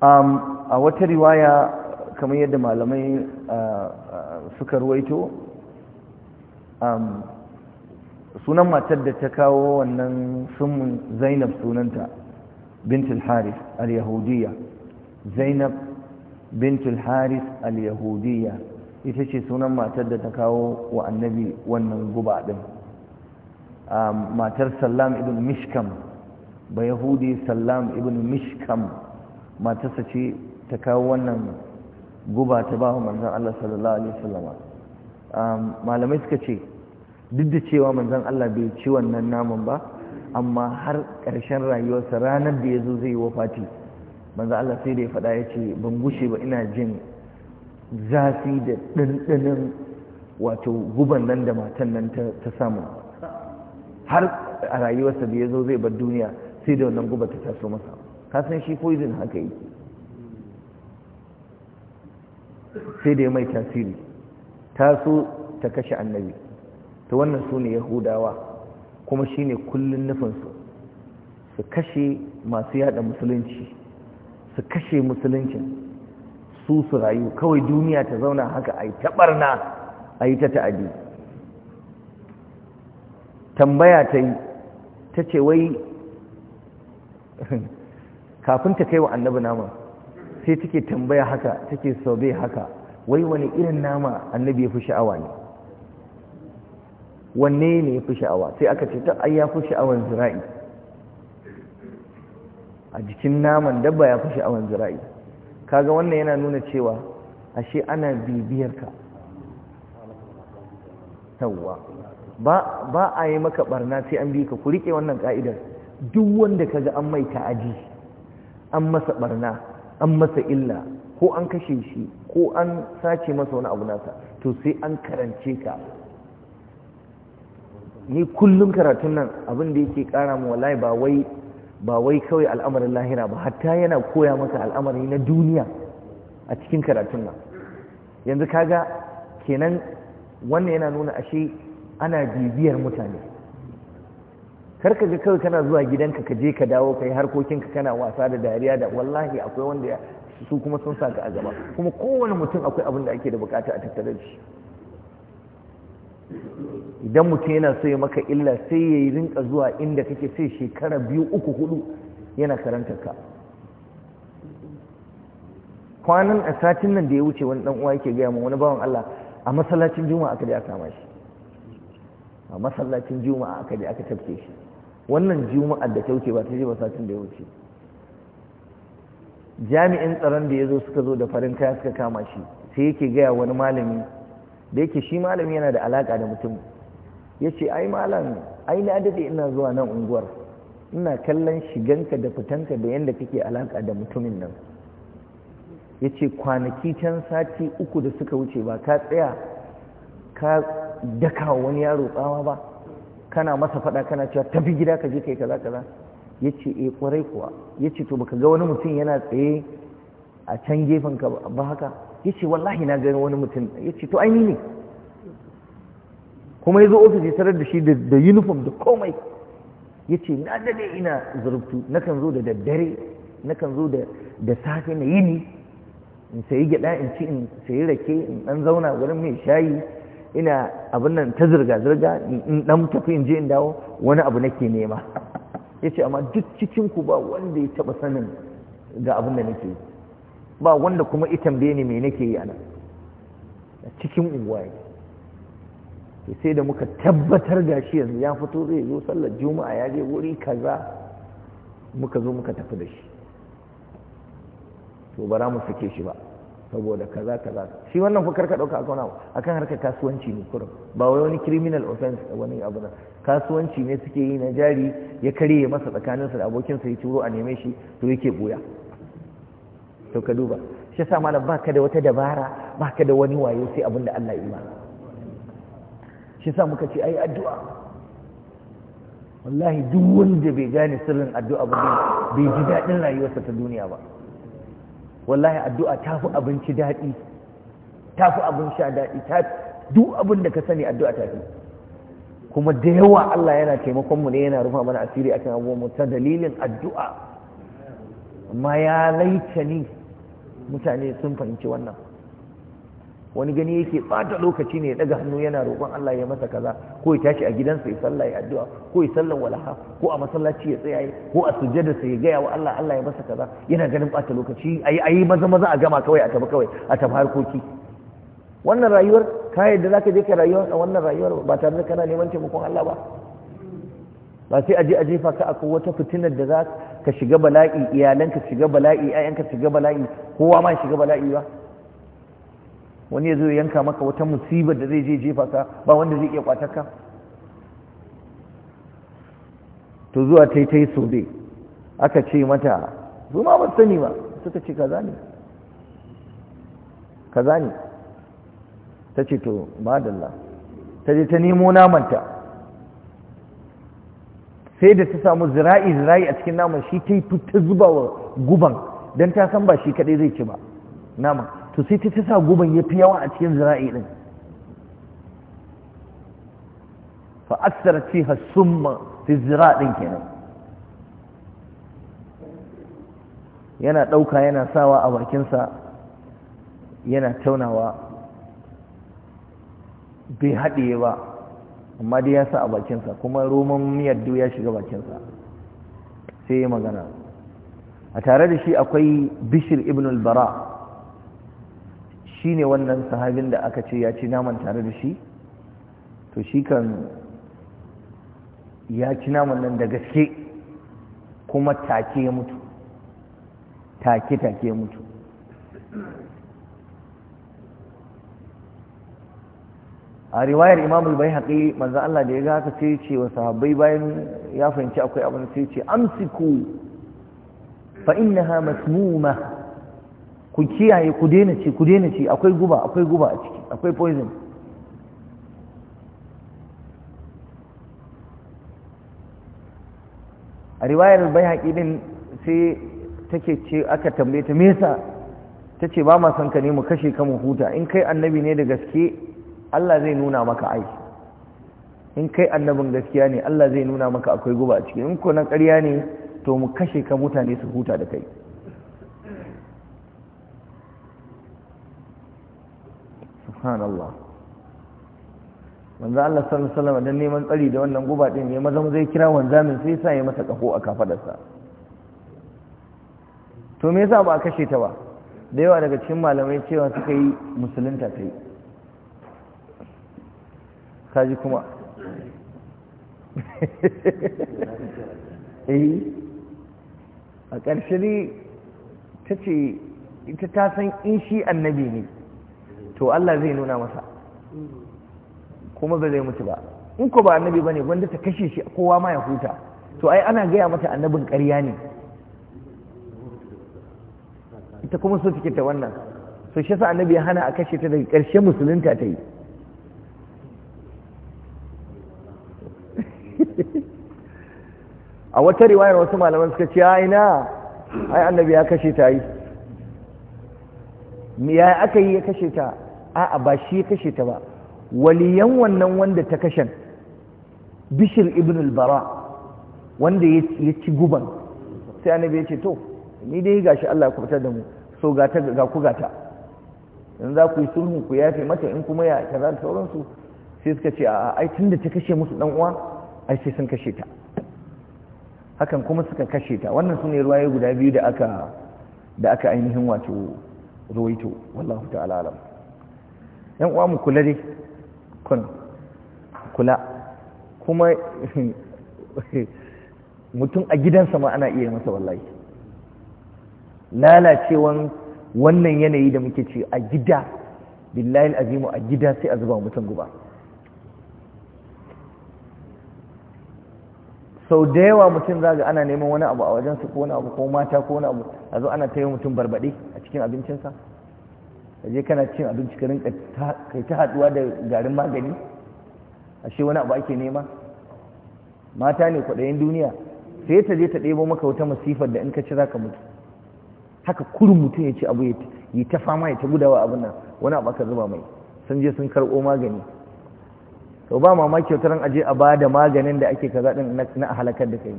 Um, a wata riwaya kamar yadda malamai uh, uh, suka ruwaito um, sunan matar da ta kawo wannan sunmun zainab sunanta bintul haris al zainab bintul haris al ita ce sunan matar da ta kawo wa annabi wannan guba din um, matar sallam ibn mishkam ba yahudi sallam ibn mishkam matarsa ce ta kawo wannan guba ta ba wa manzan Allah sallallahu alaihi wasallama malamai suka ce duk da cewa manzan Allah bai ci wannan naman ba amma har ƙarshen rayuwarsa ranar da ya zo zai yi wafati manzan Allah sai da ya faɗa ya ce ban gushe ba ina jin zafi da ɗanɗanin wato guban nan da matan nan ta samu har a rayuwarsa da ya zo zai bar duniya sai da wannan guba ta taso masa kasan shi poison haka yi sai da ya mai tasiri ta so ta kashe annabi ta wannan su ne yahudawa kuma shi ne kullum nufinsu su kashe masu yada musulunci su kashe musuluncin su su rayu kawai duniya ta zauna haka a yi taɓarna a yi ta ta'adi tambaya ta yi ta ce wai kafin ta kai wa annabi nama sai take tambaya haka take sobe haka wai wani irin nama annabi ya fi sha'awa ne wanne ne ya fi sha'awa sai aka ce ta ai ya fi sha'awan zira'i a jikin naman dabba ya fi sha'awan zira'i kaga wannan yana nuna cewa ashe ana bibiyar ka tawwa ba a yi maka barna sai an bi ka ku rike wannan ka'idar duk wanda kaga an mai ta'aji an masa barna an masa illa ko an kashe shi ko an sace masa wani abu nasa to sai an karance ka ni kullum karatun nan abin da yake kara mu wallahi ba wai ba wai kawai al'amarin lahira ba hatta yana koya maka al'amari na duniya a cikin karatun nan yanzu kaga kenan wannan yana nuna ashe ana bibiyar mutane kar ka ga kawai kana zuwa gidanka ka je ka dawo kai harkokinka kana wasa da dariya da wallahi akwai wanda su kuma sun ka a gaba kuma kowane mutum akwai abin da ake da bukata a tattare da shi idan mutum yana so ya maka illa sai ya yi rinka zuwa inda kake sai shekara biyu uku hudu yana karanta ka kwanan a satin nan da ya wuce wani dan uwa yake gaya mu wani bawan Allah a masallacin juma'a aka je aka kama shi a masallacin juma'a aka je aka tafke shi wannan juma'ar da ta wuce ba ta je ba satin da ya wuce jami'in tsaron da ya zo suka zo da farin kaya suka kama shi sai yake gaya wani malami da yake shi malami yana da alaka da mutum ya ce ai malam ai na daɗe ina zuwa nan unguwar ina kallon shiganka da fitanka da yadda kake alaka da mutumin nan ya ce kwanaki can sati uku da suka wuce ba ka tsaya ka daka wani yaro tsawa ba kana masa faɗa kana cewa tafi gida ka je kai kaza kaza ya ce eh kwarai kuwa ya ce to baka ga wani mutum yana tsaye a can gefen ka ba haka ya ce wallahi na gani wani mutum ya ce to aini ne kuma ya zo ofis ya tarar da shi da uniform da komai ya ce na dade ina na nakan zo da daddare na kan zo da safe na yini in sayi gyaɗa in ci in sayi rake in ɗan zauna wurin mai shayi ina abin nan ta zirga-zirga in ɗan tafi in je in dawo wani abu nake nema ya ce amma duk cikinku ba wanda ya taɓa sanin ga abin da nake ba wanda kuma itan tambaye ni mai nake yi a nan cikin unguwaye. ya sai da muka tabbatar da shi yanzu ya fito zai zo sallar juma'a ya je wuri kaza muka zo muka tafi da shi to bara mu sake shi ba saboda kaza kaza shi wannan fukar ka dauka akan nawa akan harkar kasuwanci ne kurum ba wai wani criminal offense wani abu na kasuwanci ne suke yi na jari ya karye masa tsakaninsa da abokinsa ya turo a neme shi to yake boya to ka duba shi yasa malam baka da wata dabara baka da wani wayo sai abin da Allah ya yi ma shi yasa muka ce ai addu'a wallahi duk wanda bai gane sirrin addu'a ba bai ji dadin rayuwarsa ta duniya ba wallahi addu'a ta fi abinci daɗi ta fi abin sha daɗi ta duk abin da ka sani addu'a ta fi kuma da yawa Allah yana taimakon mu ne yana rufa mana asiri akan abubuwan mu ta dalilin addu'a amma ya laita ni mutane sun fahimci wannan wani gani yake bata lokaci ne ya daga hannu yana roƙon Allah ya masa kaza ko ya tashi a gidansa ya salla ya addu'a ko ya sallan walaha ko a masallaci ya tsaya ko a sujjada sai ya gaya wa Allah Allah ya masa kaza yana ganin bata lokaci ayi ayi maza maza a gama kawai a tafi kawai a tafi harkoki wannan rayuwar ka yadda zaka je ka rayuwar a wannan rayuwar ba tare da kana neman taimakon Allah ba ba sai aje aje fa ka akwai wata fitinar da za ka shiga bala'i iyalanka shiga bala'i ayyanka shiga bala'i kowa ma shiga bala'i ba wani ya zo yanka maka wata musibar da zai je jefa ka ba wanda zai iya kwatar ka to zuwa ta yi ta yi sobe aka ce mata su ma ba sani ba suka ce kaza ne kaza ne ta ce to madalla ta je ta nemo namanta sai da ta samu zira'i zira'i a cikin naman shi ta yi ta zuba wa guban don ta san ba shi kadai zai ci ba naman to sai ta sa guban ya fi yawa a cikin zira'i ɗin fa aksara ce hasumma fi zira'in kenan yana ɗauka yana sawa a bakinsa yana taunawa bai haɗiye ba amma dai ya sa a bakinsa kuma roman miyar duk ya shiga bakinsa sai ya magana a tare da shi akwai bishir ibn al-bara shi ne wannan sahabin da aka ce ya ci naman tare da shi to shi kan ya ci naman nan da gaske kuma take ya mutu take take ya mutu a riwayar imamul bai haƙi manzan Allah da ya ga haka sai ce wa sahabbai bayan ya fahimci akwai abin sai ce amsiku fa innaha masmuma ku kiyaye ku daina ci ku daina ci akwai guba akwai guba a ciki akwai poison a riwayar bayhaƙi din sai take ce aka tambaye ta mesa ta ce ba ma son ka ne mu kashe ka mu huta in kai annabi ne da gaske Allah zai nuna maka ai in kai annabin gaskiya ne Allah zai nuna maka akwai guba a ciki in ko na ƙarya ne to mu kashe ka mutane su huta da kai subhanallah manzo Allah sallallahu alaihi wasallam dan neman tsari da wannan guba din ne maza zai kira wanzamin sai sa ya mata kafo a kafadarsa to me yasa ba a kashe ta ba da yawa daga cikin malamai cewa suka yi musulunta ta yi kaji kuma eh a ƙarshe ne ta ce ita ta san in shi annabi ne to Allah zai nuna masa kuma ba zai mutu ba in ko ba annabi bane wanda ta kashe shi kowa ma ya huta to ai ana gaya mata annabin ƙarya ne ita kuma so take ta wannan so shi yasa annabi ya hana a kashe ta daga ƙarshe musulunta ta yi a wata riwayar wasu malaman suka ce ai na ai annabi ya kashe ta yi Me ya aka yi ya kashe ta a'a ba shi ya kashe ta ba waliyan wannan wanda ta kashen bishir ibn al-bara wanda ya ci guban sai annabi ya ce to ni dai gashi Allah ya kubutar da mu so ga ta ga ku gata yanzu za ku yi sulhu ku yafe mata in kuma ya kaza da sauransu sai suka ce a'a ai tunda ta kashe musu dan uwa ai sai sun kashe ta hakan kuma suka kashe ta wannan sune ruwaye guda biyu da aka da aka ainihin wato ruwaito wallahu ta'ala alam yan uwa mu kula dai kun kula kuma mutum a gidansa ma ana iya masa wallahi lalacewan wannan yanayi da muke ce a gida billahi azimu a gida sai a zuba mutum guba sau da yawa mutum zaga ana neman wani abu a wajensu ko wani abu ko mata ko wani abu a zo ana ta yi mutum barbaɗe a cikin abincinsa ka je kana cin abinci ka rinka kai ta haduwa da garin magani ashe wani abu ake nema mata ne kwaɗayin duniya sai ta je ta ɗebo maka wata masifar da in ka ci za ka mutu haka kurin mutum ya ci abu ya yi ta fama ya ta gudawa abin nan wani abu aka zuba mai sun je sun karɓo magani to ba mamaki wata ran aje a ba da maganin da ake kaza din na halakar da kai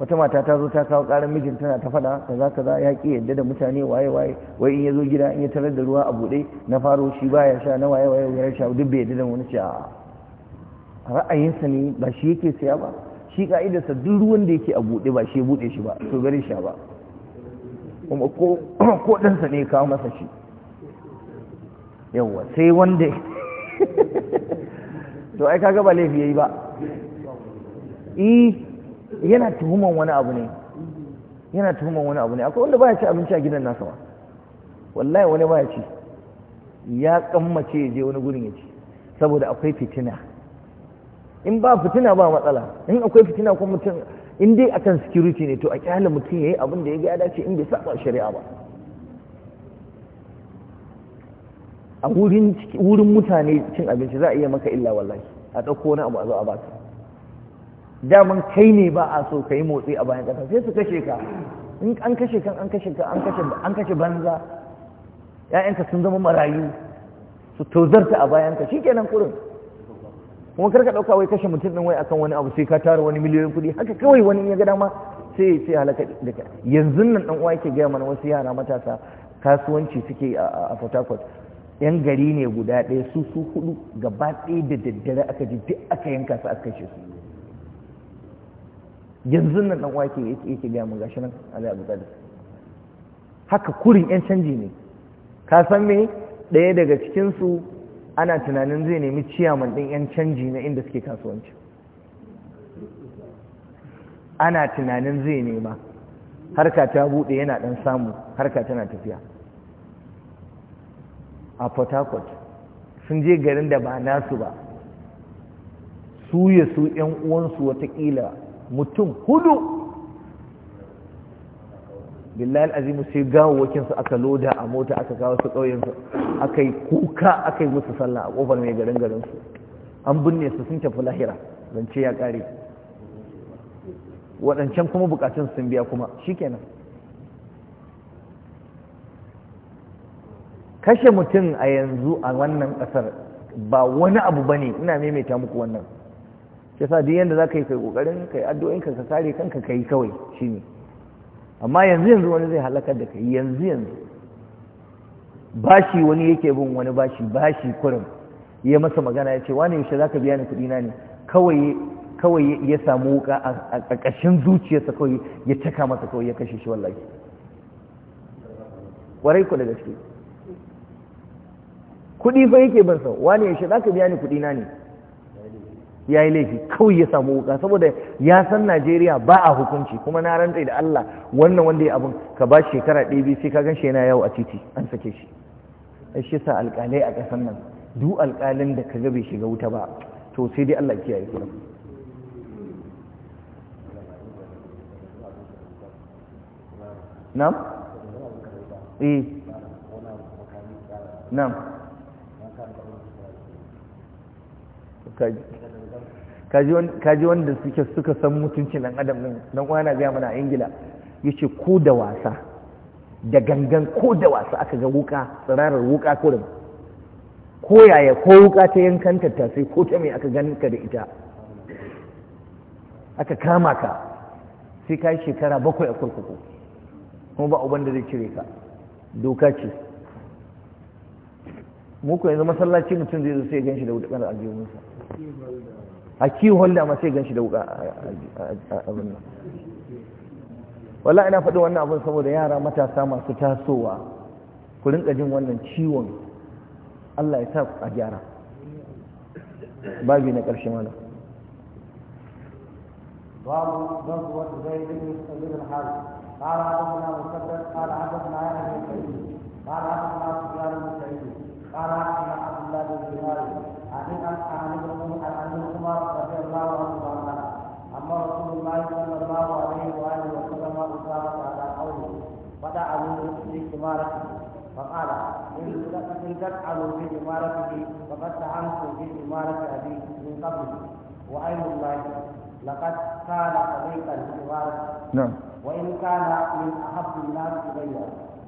wata mata ta zo ta kawo karar mijin tana ta faɗa kaza kaza ya ki yadda da mutane waye waye wai in ya zo gida in ya tarar da ruwa a buɗe na faro shi baya sha na waye waye ya sha duk bai yadda da wani sha ra'ayinsa ne ba shi yake siya ba shi ka'idarsa duk ruwan da yake a buɗe ba shi ya buɗe shi ba to gari sha ba kuma ko ko ɗansa ne kawo masa shi yawwa sai wanda to ai kaga ba laifi yayi ba eh yana tuhuman wani abu ne yana tuhuman wani abu ne akwai wanda baya ci abinci a gidan nasa ba wallahi wani baya ci ya kammace ya je wani gurin ya ci saboda akwai fitina in ba fitina ba matsala in akwai fitina kuma mutum in dai akan security ne to a kyale mutum ya abin da ya ga ya dace in bai saba shari'a ba a wurin mutane cin abinci za a iya maka illa wallahi a ɗauko wani abu a zo a baka daman kai ne ba a so ka yi motsi a bayan ƙasa sai su kashe ka in an kashe kan an kashe ka an kashe banza ‘ya'yanka sun zama marayu su tozarta a bayanka shi nan kurin kuma karka ɗauka wai kashe mutum ɗin wai akan wani abu sai ka tara wani miliyoyin kuɗi haka kawai wani ya ga dama sai sai halaka da ka yanzu nan ɗan uwa yake gaya mana wasu yara matasa kasuwanci suke a Port Harcourt yan gari ne guda ɗaya su su hudu gaba ɗaya da daddare aka ji duk aka yanka su aka kashe su yanzu nan ɗan wake yake yake ga mu gashi nan Ali Abu Talib haka kurin yan canji ne ka san me ɗaya daga cikin su ana tunanin zai nemi ciyaman ɗin yan canji na inda suke kasuwanci ana tunanin zai nema harka ta buɗe yana ɗan samu harka tana tafiya a port harcourt sun je garin da ba nasu ba su ya su ‘yan uwansu watakila mutum hudu billahi azim sai su aka loda a mota aka kawo su su aka yi kuka aka yi musu sallah a kofar mai garin garin su. an binne su sun tafi lahira zance ya kare waɗancan kuma bukatun sun biya kuma shikenan kashe mutum a yanzu a wannan ƙasar ba wani abu bane, ina maimaita muku wannan shi yasa duk yanda zaka yi kai kokarin kai addu'o'in ka ka kare kanka kai kawai ne amma yanzu yanzu wani zai halakar da kai yanzu yanzu bashi wani yake bin wani bashi bashi kurin ya masa magana ya ce wani yaushe zaka biya ni kuɗi na ne kawai kawai ya samu wuka a ƙarƙashin zuciyarsa kawai ya caka masa kawai ya kashe shi wallahi kwarai ku da gaske kuɗi fa yake bin sa wani yaushe zaka biya ni kuɗi na ne ya yi laifi kawai ya samu wuka saboda ya san najeriya ba a hukunci kuma na rantse da allah wannan wanda ya abin ka ba shekara ɗaya biyu sai ka gan shi yana yawo a titi an sake shi ai shi sa alƙalai a ƙasar nan duk alƙalin da ka ga bai shiga wuta ba to sai dai allah kiyaye kuma nam eh nam kaji wanda suke suka san mutuncin nan adam ɗin Nan kuma na gaya mana a ingila ya ce ko da wasa da gangan ko da wasa aka ga wuka tsirarar wuka kurin ko yaya ko wuka ta yankan sai ko ta mai aka ganka da ita aka kama ka sai ka yi shekara bakwai a kurkuku kuma ba uban da zai cire ka doka ce muku yanzu masallaci mutum zai zo sai gan shi da wudakar aljihunsa a kiwon da masu gan shi da wuka abin nan wala ina faɗin wannan abin saboda yara matasa masu tasowa ku rinka jin wannan ciwon Allah ya sa a gyara babi na ƙarshe mana قال مسدد قال حدثنا يحيى بن سعيد قال حدثنا سفيان بن سعيد قال حدثنا عبد الله بن عن ابن عمر رضي الله عنه قال اما رسول الله صلى الله عليه واله وسلم اصابت على قوله فدعا بإمارته فقال إن تفعلوا بإمارته فقد طعنتم بإمارة أبي من قبل وأين الله لقد كان طريقا لإمارته نعم وإن كان من أحب الناس إلي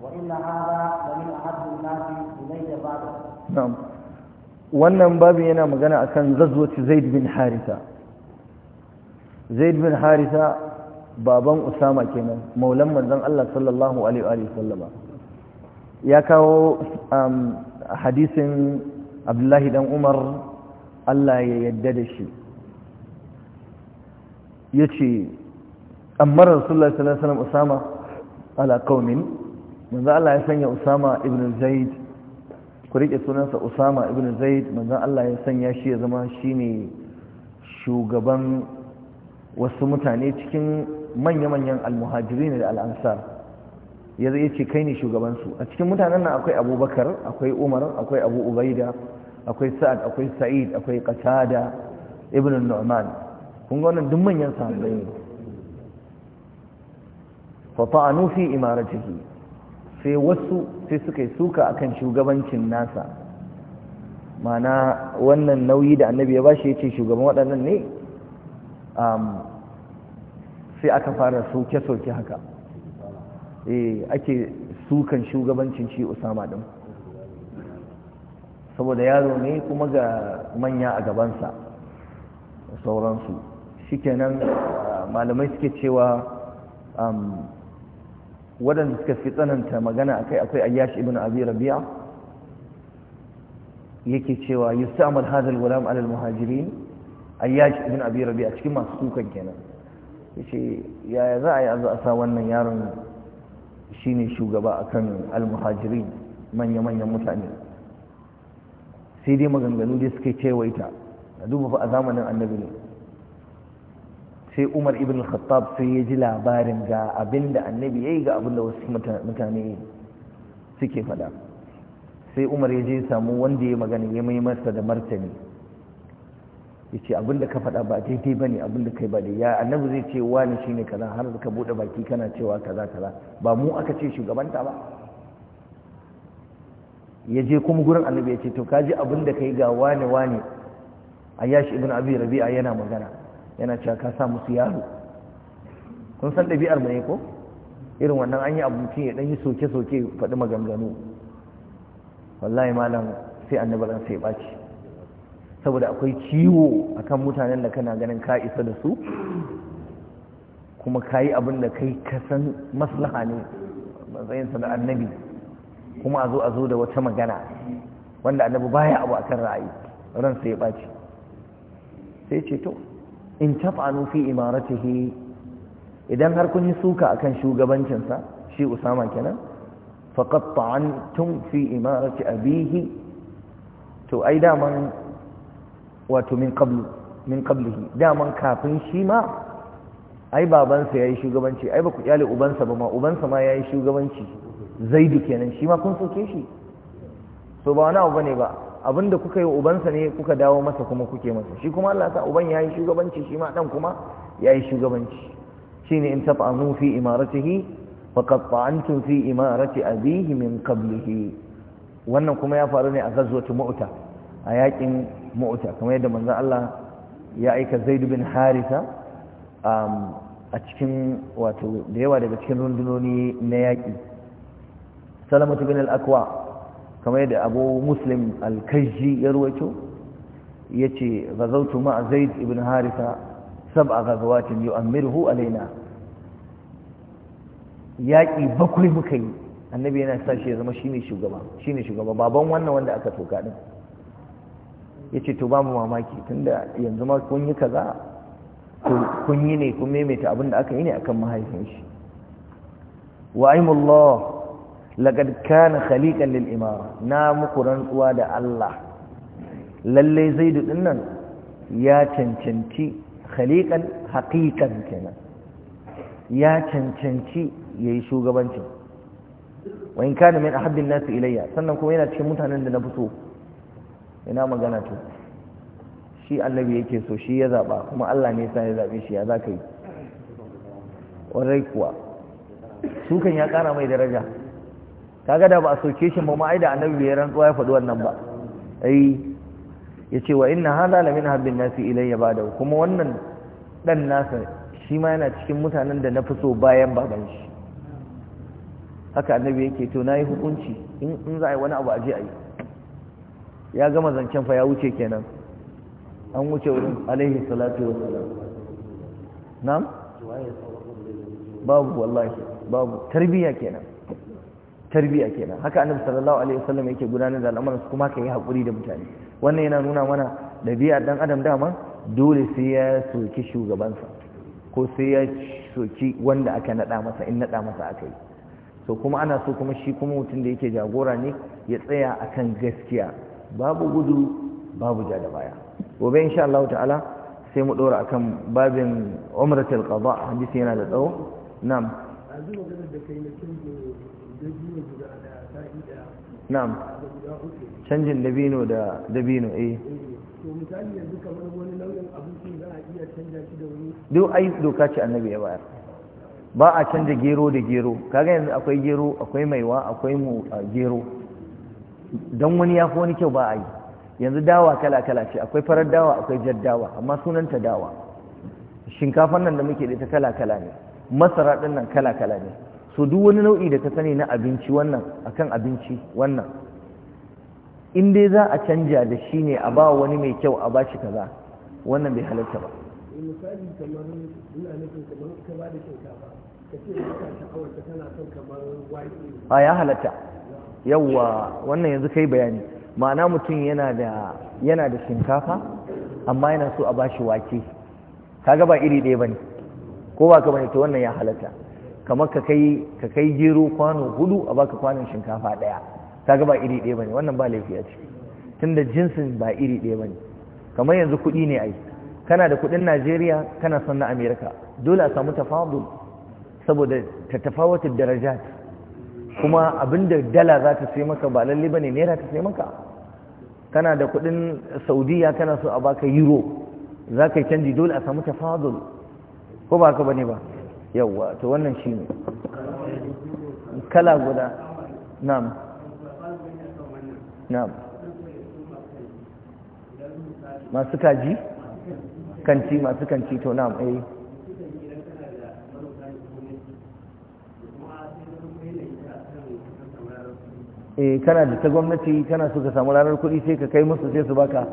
وإن هذا لمن أحب الناس إلي بعده نعم wannan babin yana magana a kan zazzoci zaid bin harisa zaid bin harisa baban usama kenan maulan manzon Allah sallallahu alaihi wa sallama ya kawo um, hadisin abdullahi dan umar Allah ya yadda da shi yace amma rasulullahi sallallahu alaihi wa sallama ala qaumin manzon Allah ya sanya usama ibn zaid ku riƙe sunansa usama ibn zaid manzon Allah ya sanya shi ya zama shine shugaban wasu mutane cikin manya-manyan almuhajirin da al'ansar ya zai ce kai ne shugabansu a cikin mutanen nan akwai abubakar akwai umar akwai abu ubaida akwai sa'ad akwai sa'id akwai qatada ibn nu'man kun ga wannan duk manyan sahabbai ne fa ta'anu fi imaratihi sai wasu sai suka yi suka akan shugabancin nasa mana wannan nauyi da annabi ya shi ya ce shugaban waɗannan ne sai aka fara soke-soke haka eh, ake sukan shugabancin shi usama ɗin saboda yaro ne kuma ga manya a gabansa sauransu shikenan malamai suke cewa waɗanda suka fi tsananta magana akai akwai Ayyashi ibn abi rabi'a yake cewa yusamal hadha al-gulam alal muhajirin Ayyashi ibn abi rabi'a cikin masu kukan kenan yace yaya za a yi a sa wannan yaron shine shugaba akan al-muhajirin manya-manyan mutane sai dai maganganu dai suka kewaita a duba fa a zamanin annabi ne sai umar ibn al-khattab sai ya ji labarin ga abin da annabi ya yi ga abin da wasu mutane suke faɗa sai umar ya je samu wanda ya magana ya mai masa da martani ya ce abin da ka faɗa ba daidai ba ne abin da kai ba dai ya annabi zai ce wani shi ne kaza har ka buɗe baki kana cewa kaza kaza ba mu aka ce shugabanta ba ya je kuma gurin annabi ya ce to ka ji abin da kai ga wani wani yashi ibn abi rabi'a yana magana yana cewa ka sa musu yaro kun san ɗabi'ar mu ne ko irin wannan an yi abuci ya ɗan yi soke-soke faɗi maganganu wallahi malam sai annabi ran sai ɓaci saboda akwai ciwo akan mutanen da kana ganin ka isa da su kuma ka yi abin da kai san maslaha ne matsayinsa da annabi kuma a zo a zo da wata magana wanda annabi baya abu akan ra'ayi ran sai ya ɓaci sai ce to in tafanu fi imaratihi idan har kun yi suka akan shugabancinsa shi usama kenan faqad ta'antum fi imarati abihi to ai daman wato min qabl min qablihi daman kafin shi ma ai babansa yayi shugabanci ai ba ku kyale ubansa ba ma ubansa ma yayi shugabanci zaidu kenan shi ma kun soke shi so ba wani abu bane ba da kuka yi ubansa ne kuka dawo masa kuma kuke masa shi kuma Allah ta uban yayi shugabanci shi ma dan kuma yayi shugabanci shine in taf'anu fi imaratihi an ta'antum fi imarati abihi min qablihi wannan kuma ya faru ne a zazwatu mauta a yakin mauta kamar yadda manzon Allah ya aika Zaid bin harisa um, a cikin wato da yawa daga cikin rundunoni na yaki Salamatu bin al kamar yadda abu muslim alkaji ya ruwaito ya ce gazautu ma zaid ibn harisa sab'a gazawatin yu'ammiruhu alaina yaƙi bakwai muka yi annabi yana sa shi ya zama shine shugaba shugaba baban wannan wanda aka toka din yace to ba mu mamaki tunda yanzu ma kun yi kaza kun yi ne kun maimaita abin da aka yi ne akan mahaifin shi wa aimullah laqad kana khaliqan lil imara na muku rantsuwa da Allah lalle zaidu dinnan ya cancanci khaliqan haqiqan kenan ya cancanci yayi shugabanci wa in kana min ahabbin nas ilayya sannan kuma yana cikin mutanen da na fito ina magana to shi annabi yake so shi ya zaba kuma Allah ne ya ya zabe shi ya zaka yi warai kuwa sukan ya kara mai daraja kaga da ba a soke shi ba ma'aida annabi bai rantsuwa ya faɗi wannan ba ai yace wa inna hadha la min habbin nasi ilayya ba'da kuma wannan dan nasa shi ma yana cikin mutanen da na fi so bayan baban shi haka annabi yake to nayi hukunci in za a yi wani abu a je a yi ya gama zancen fa ya wuce kenan an wuce wurin alaihi salatu salam Nam? babu wallahi babu tarbiya kenan tarbiya kenan haka annabi sallallahu alaihi wasallam yake gudanar da al'amuran su kuma kai hakuri da mutane wannan yana nuna mana dabi'a dan adam dama dole sai ya soki shugaban sa ko sai ya soki wanda aka nada masa in nada masa aka yi so kuma ana so kuma shi kuma mutum da yake jagora ne ya tsaya akan gaskiya babu gudu babu ja da baya gobe insha Allah ta'ala sai mu dora akan babin umratul qada hadisi yana da tsawo na'am da kai na na'am canjin dabino da dabino eh duk ai doka ce annabi ya bayar ba a canja gero da gero kaga yanzu akwai gero akwai maiwa akwai mu gero don wani ya fi wani kyau ba a yi yanzu dawa kala-kala ce akwai farar dawa akwai jar dawa amma sunanta dawa shinkafan nan da muke da ita kala-kala ne masara din nan kala-kala ne so duk wani nau'i da ka sani na abinci wannan akan abinci wannan in dai za a canja da shi ne a ba wani mai kyau a bashi kaza wannan bai halarta ba eh, misali kamar ina nufin kamar ka ba da shinkafa ka ce ka son kamar a ya halarta, yawwa wannan yanzu kai bayani ma'ana mutum yana da yana da shinkafa amma yana so a bashi wake kaga ba iri ɗaya bane ko ba ka bane to wannan ya halarta? kamar ka kai ka kai gero kwano hudu a baka kwanon shinkafa daya kaga ba iri ɗaya bane wannan ba laifi a tunda jinsin ba iri ɗaya bane kamar yanzu kuɗi ne ai kana da kuɗin Najeriya kana son na Amerika dole a samu tafadul saboda ta tafawata darajat kuma abinda dala za ta sai maka ba lalle bane naira ta sai maka kana da kuɗin Saudiya kana so a baka euro za ka canji dole a samu tafadul ko ba ka bane ba yawwa to wannan shi ne kala guda nam nam masu kaji kanci masu kanci to nam eh eh kana da ta gwamnati kana suka samu ranar kuɗi sai ka kai musu sai su baka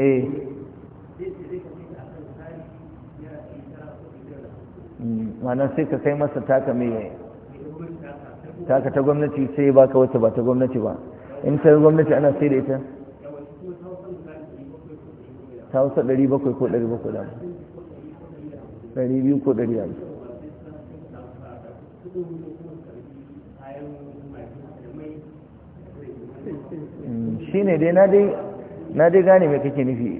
eh mana sai ka kai masa taka mai taka ta gwamnati sai ba ka wata ba ta gwamnati ba in ta gwamnati ana sai da ita ta wasa 700 ko 700 da 200 ko 200 shi ne dai na dai gane mai kake nufi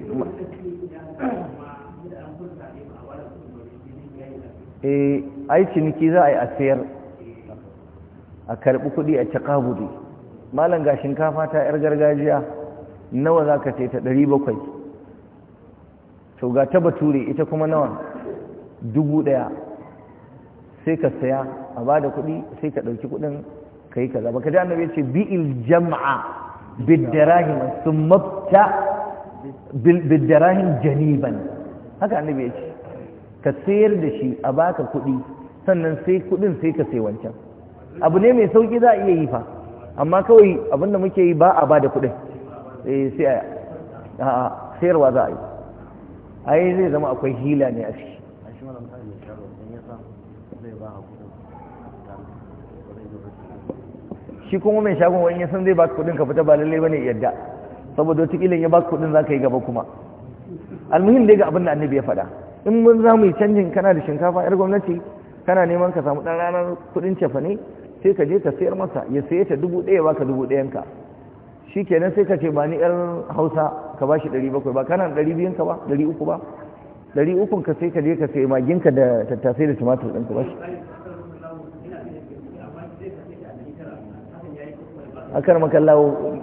eh ai ciniki za a yi a sayar a karbi kuɗi a takabudi malam ga shinkafa ta yar gargajiya nawa za ka ce ta ɗari bakwai to ga ta bature ita kuma nawa dubu ɗaya sai ka saya a bada da kuɗi sai ka ɗauki kuɗin ka yi kaza baka ji annabi ce bi'il jama'a bidarahim sun mafta janiban haka annabi ya ce ka sayar da shi a baka kuɗi sannan sai kuɗin sai ka sai wancan abu ne mai sauƙi za a iya yi fa amma kawai abinda muke yi ba a ba da kuɗin eh, sai a sayarwa za a yi ai zai zama akwai hila ne a shi. shi kuma mai shagon wani yasan zai baka kuɗin ka fita ba lallai bane yadda saboda wata ya kuɗin za ka yi gaba kuma almuhim dai ga abin da annabi ya faɗa in mun za mu yi canjin kana da shinkafa yar gwamnati kana neman ka samu ɗan ranar kudin cefa ne sai ka je ka sayar masa ya saye ta dubu ɗaya baka dubu ka shi kenan sai ka ce ba ni yar hausa ka ba shi ɗari bakwai ba kana ɗari biyun ka ba ɗari uku ba ɗari ukun ka sai ka je ka sayi maginka da tattasai da tumatur ɗin ka ba shi akar makallawo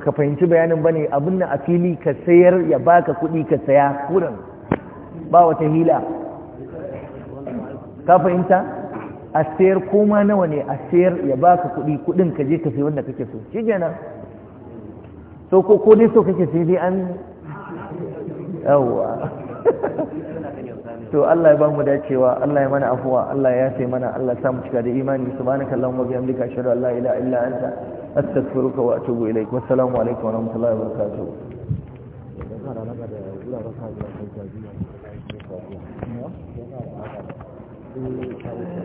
ka fahimci bayanin bane abin nan a fili ka sayar ya baka kuɗi ka saya kurin ba wata hila ka fahimta a sayar koma nawa ne a sayar ya baka kuɗi kuɗin ka je ka sayi wanda kake so shi kenan so ko ko dai so kake sai dai an yawwa to Allah ya ba mu dacewa Allah ya mana afuwa Allah ya sai mana Allah ya sa mu cika da imani subhanaka allahumma bihamdika ashhadu an la ilaha illa anta astaghfiruka wa atubu ilaik wassalamu alaikum wa rahmatullahi wa barakatuh हाँ mm. Sir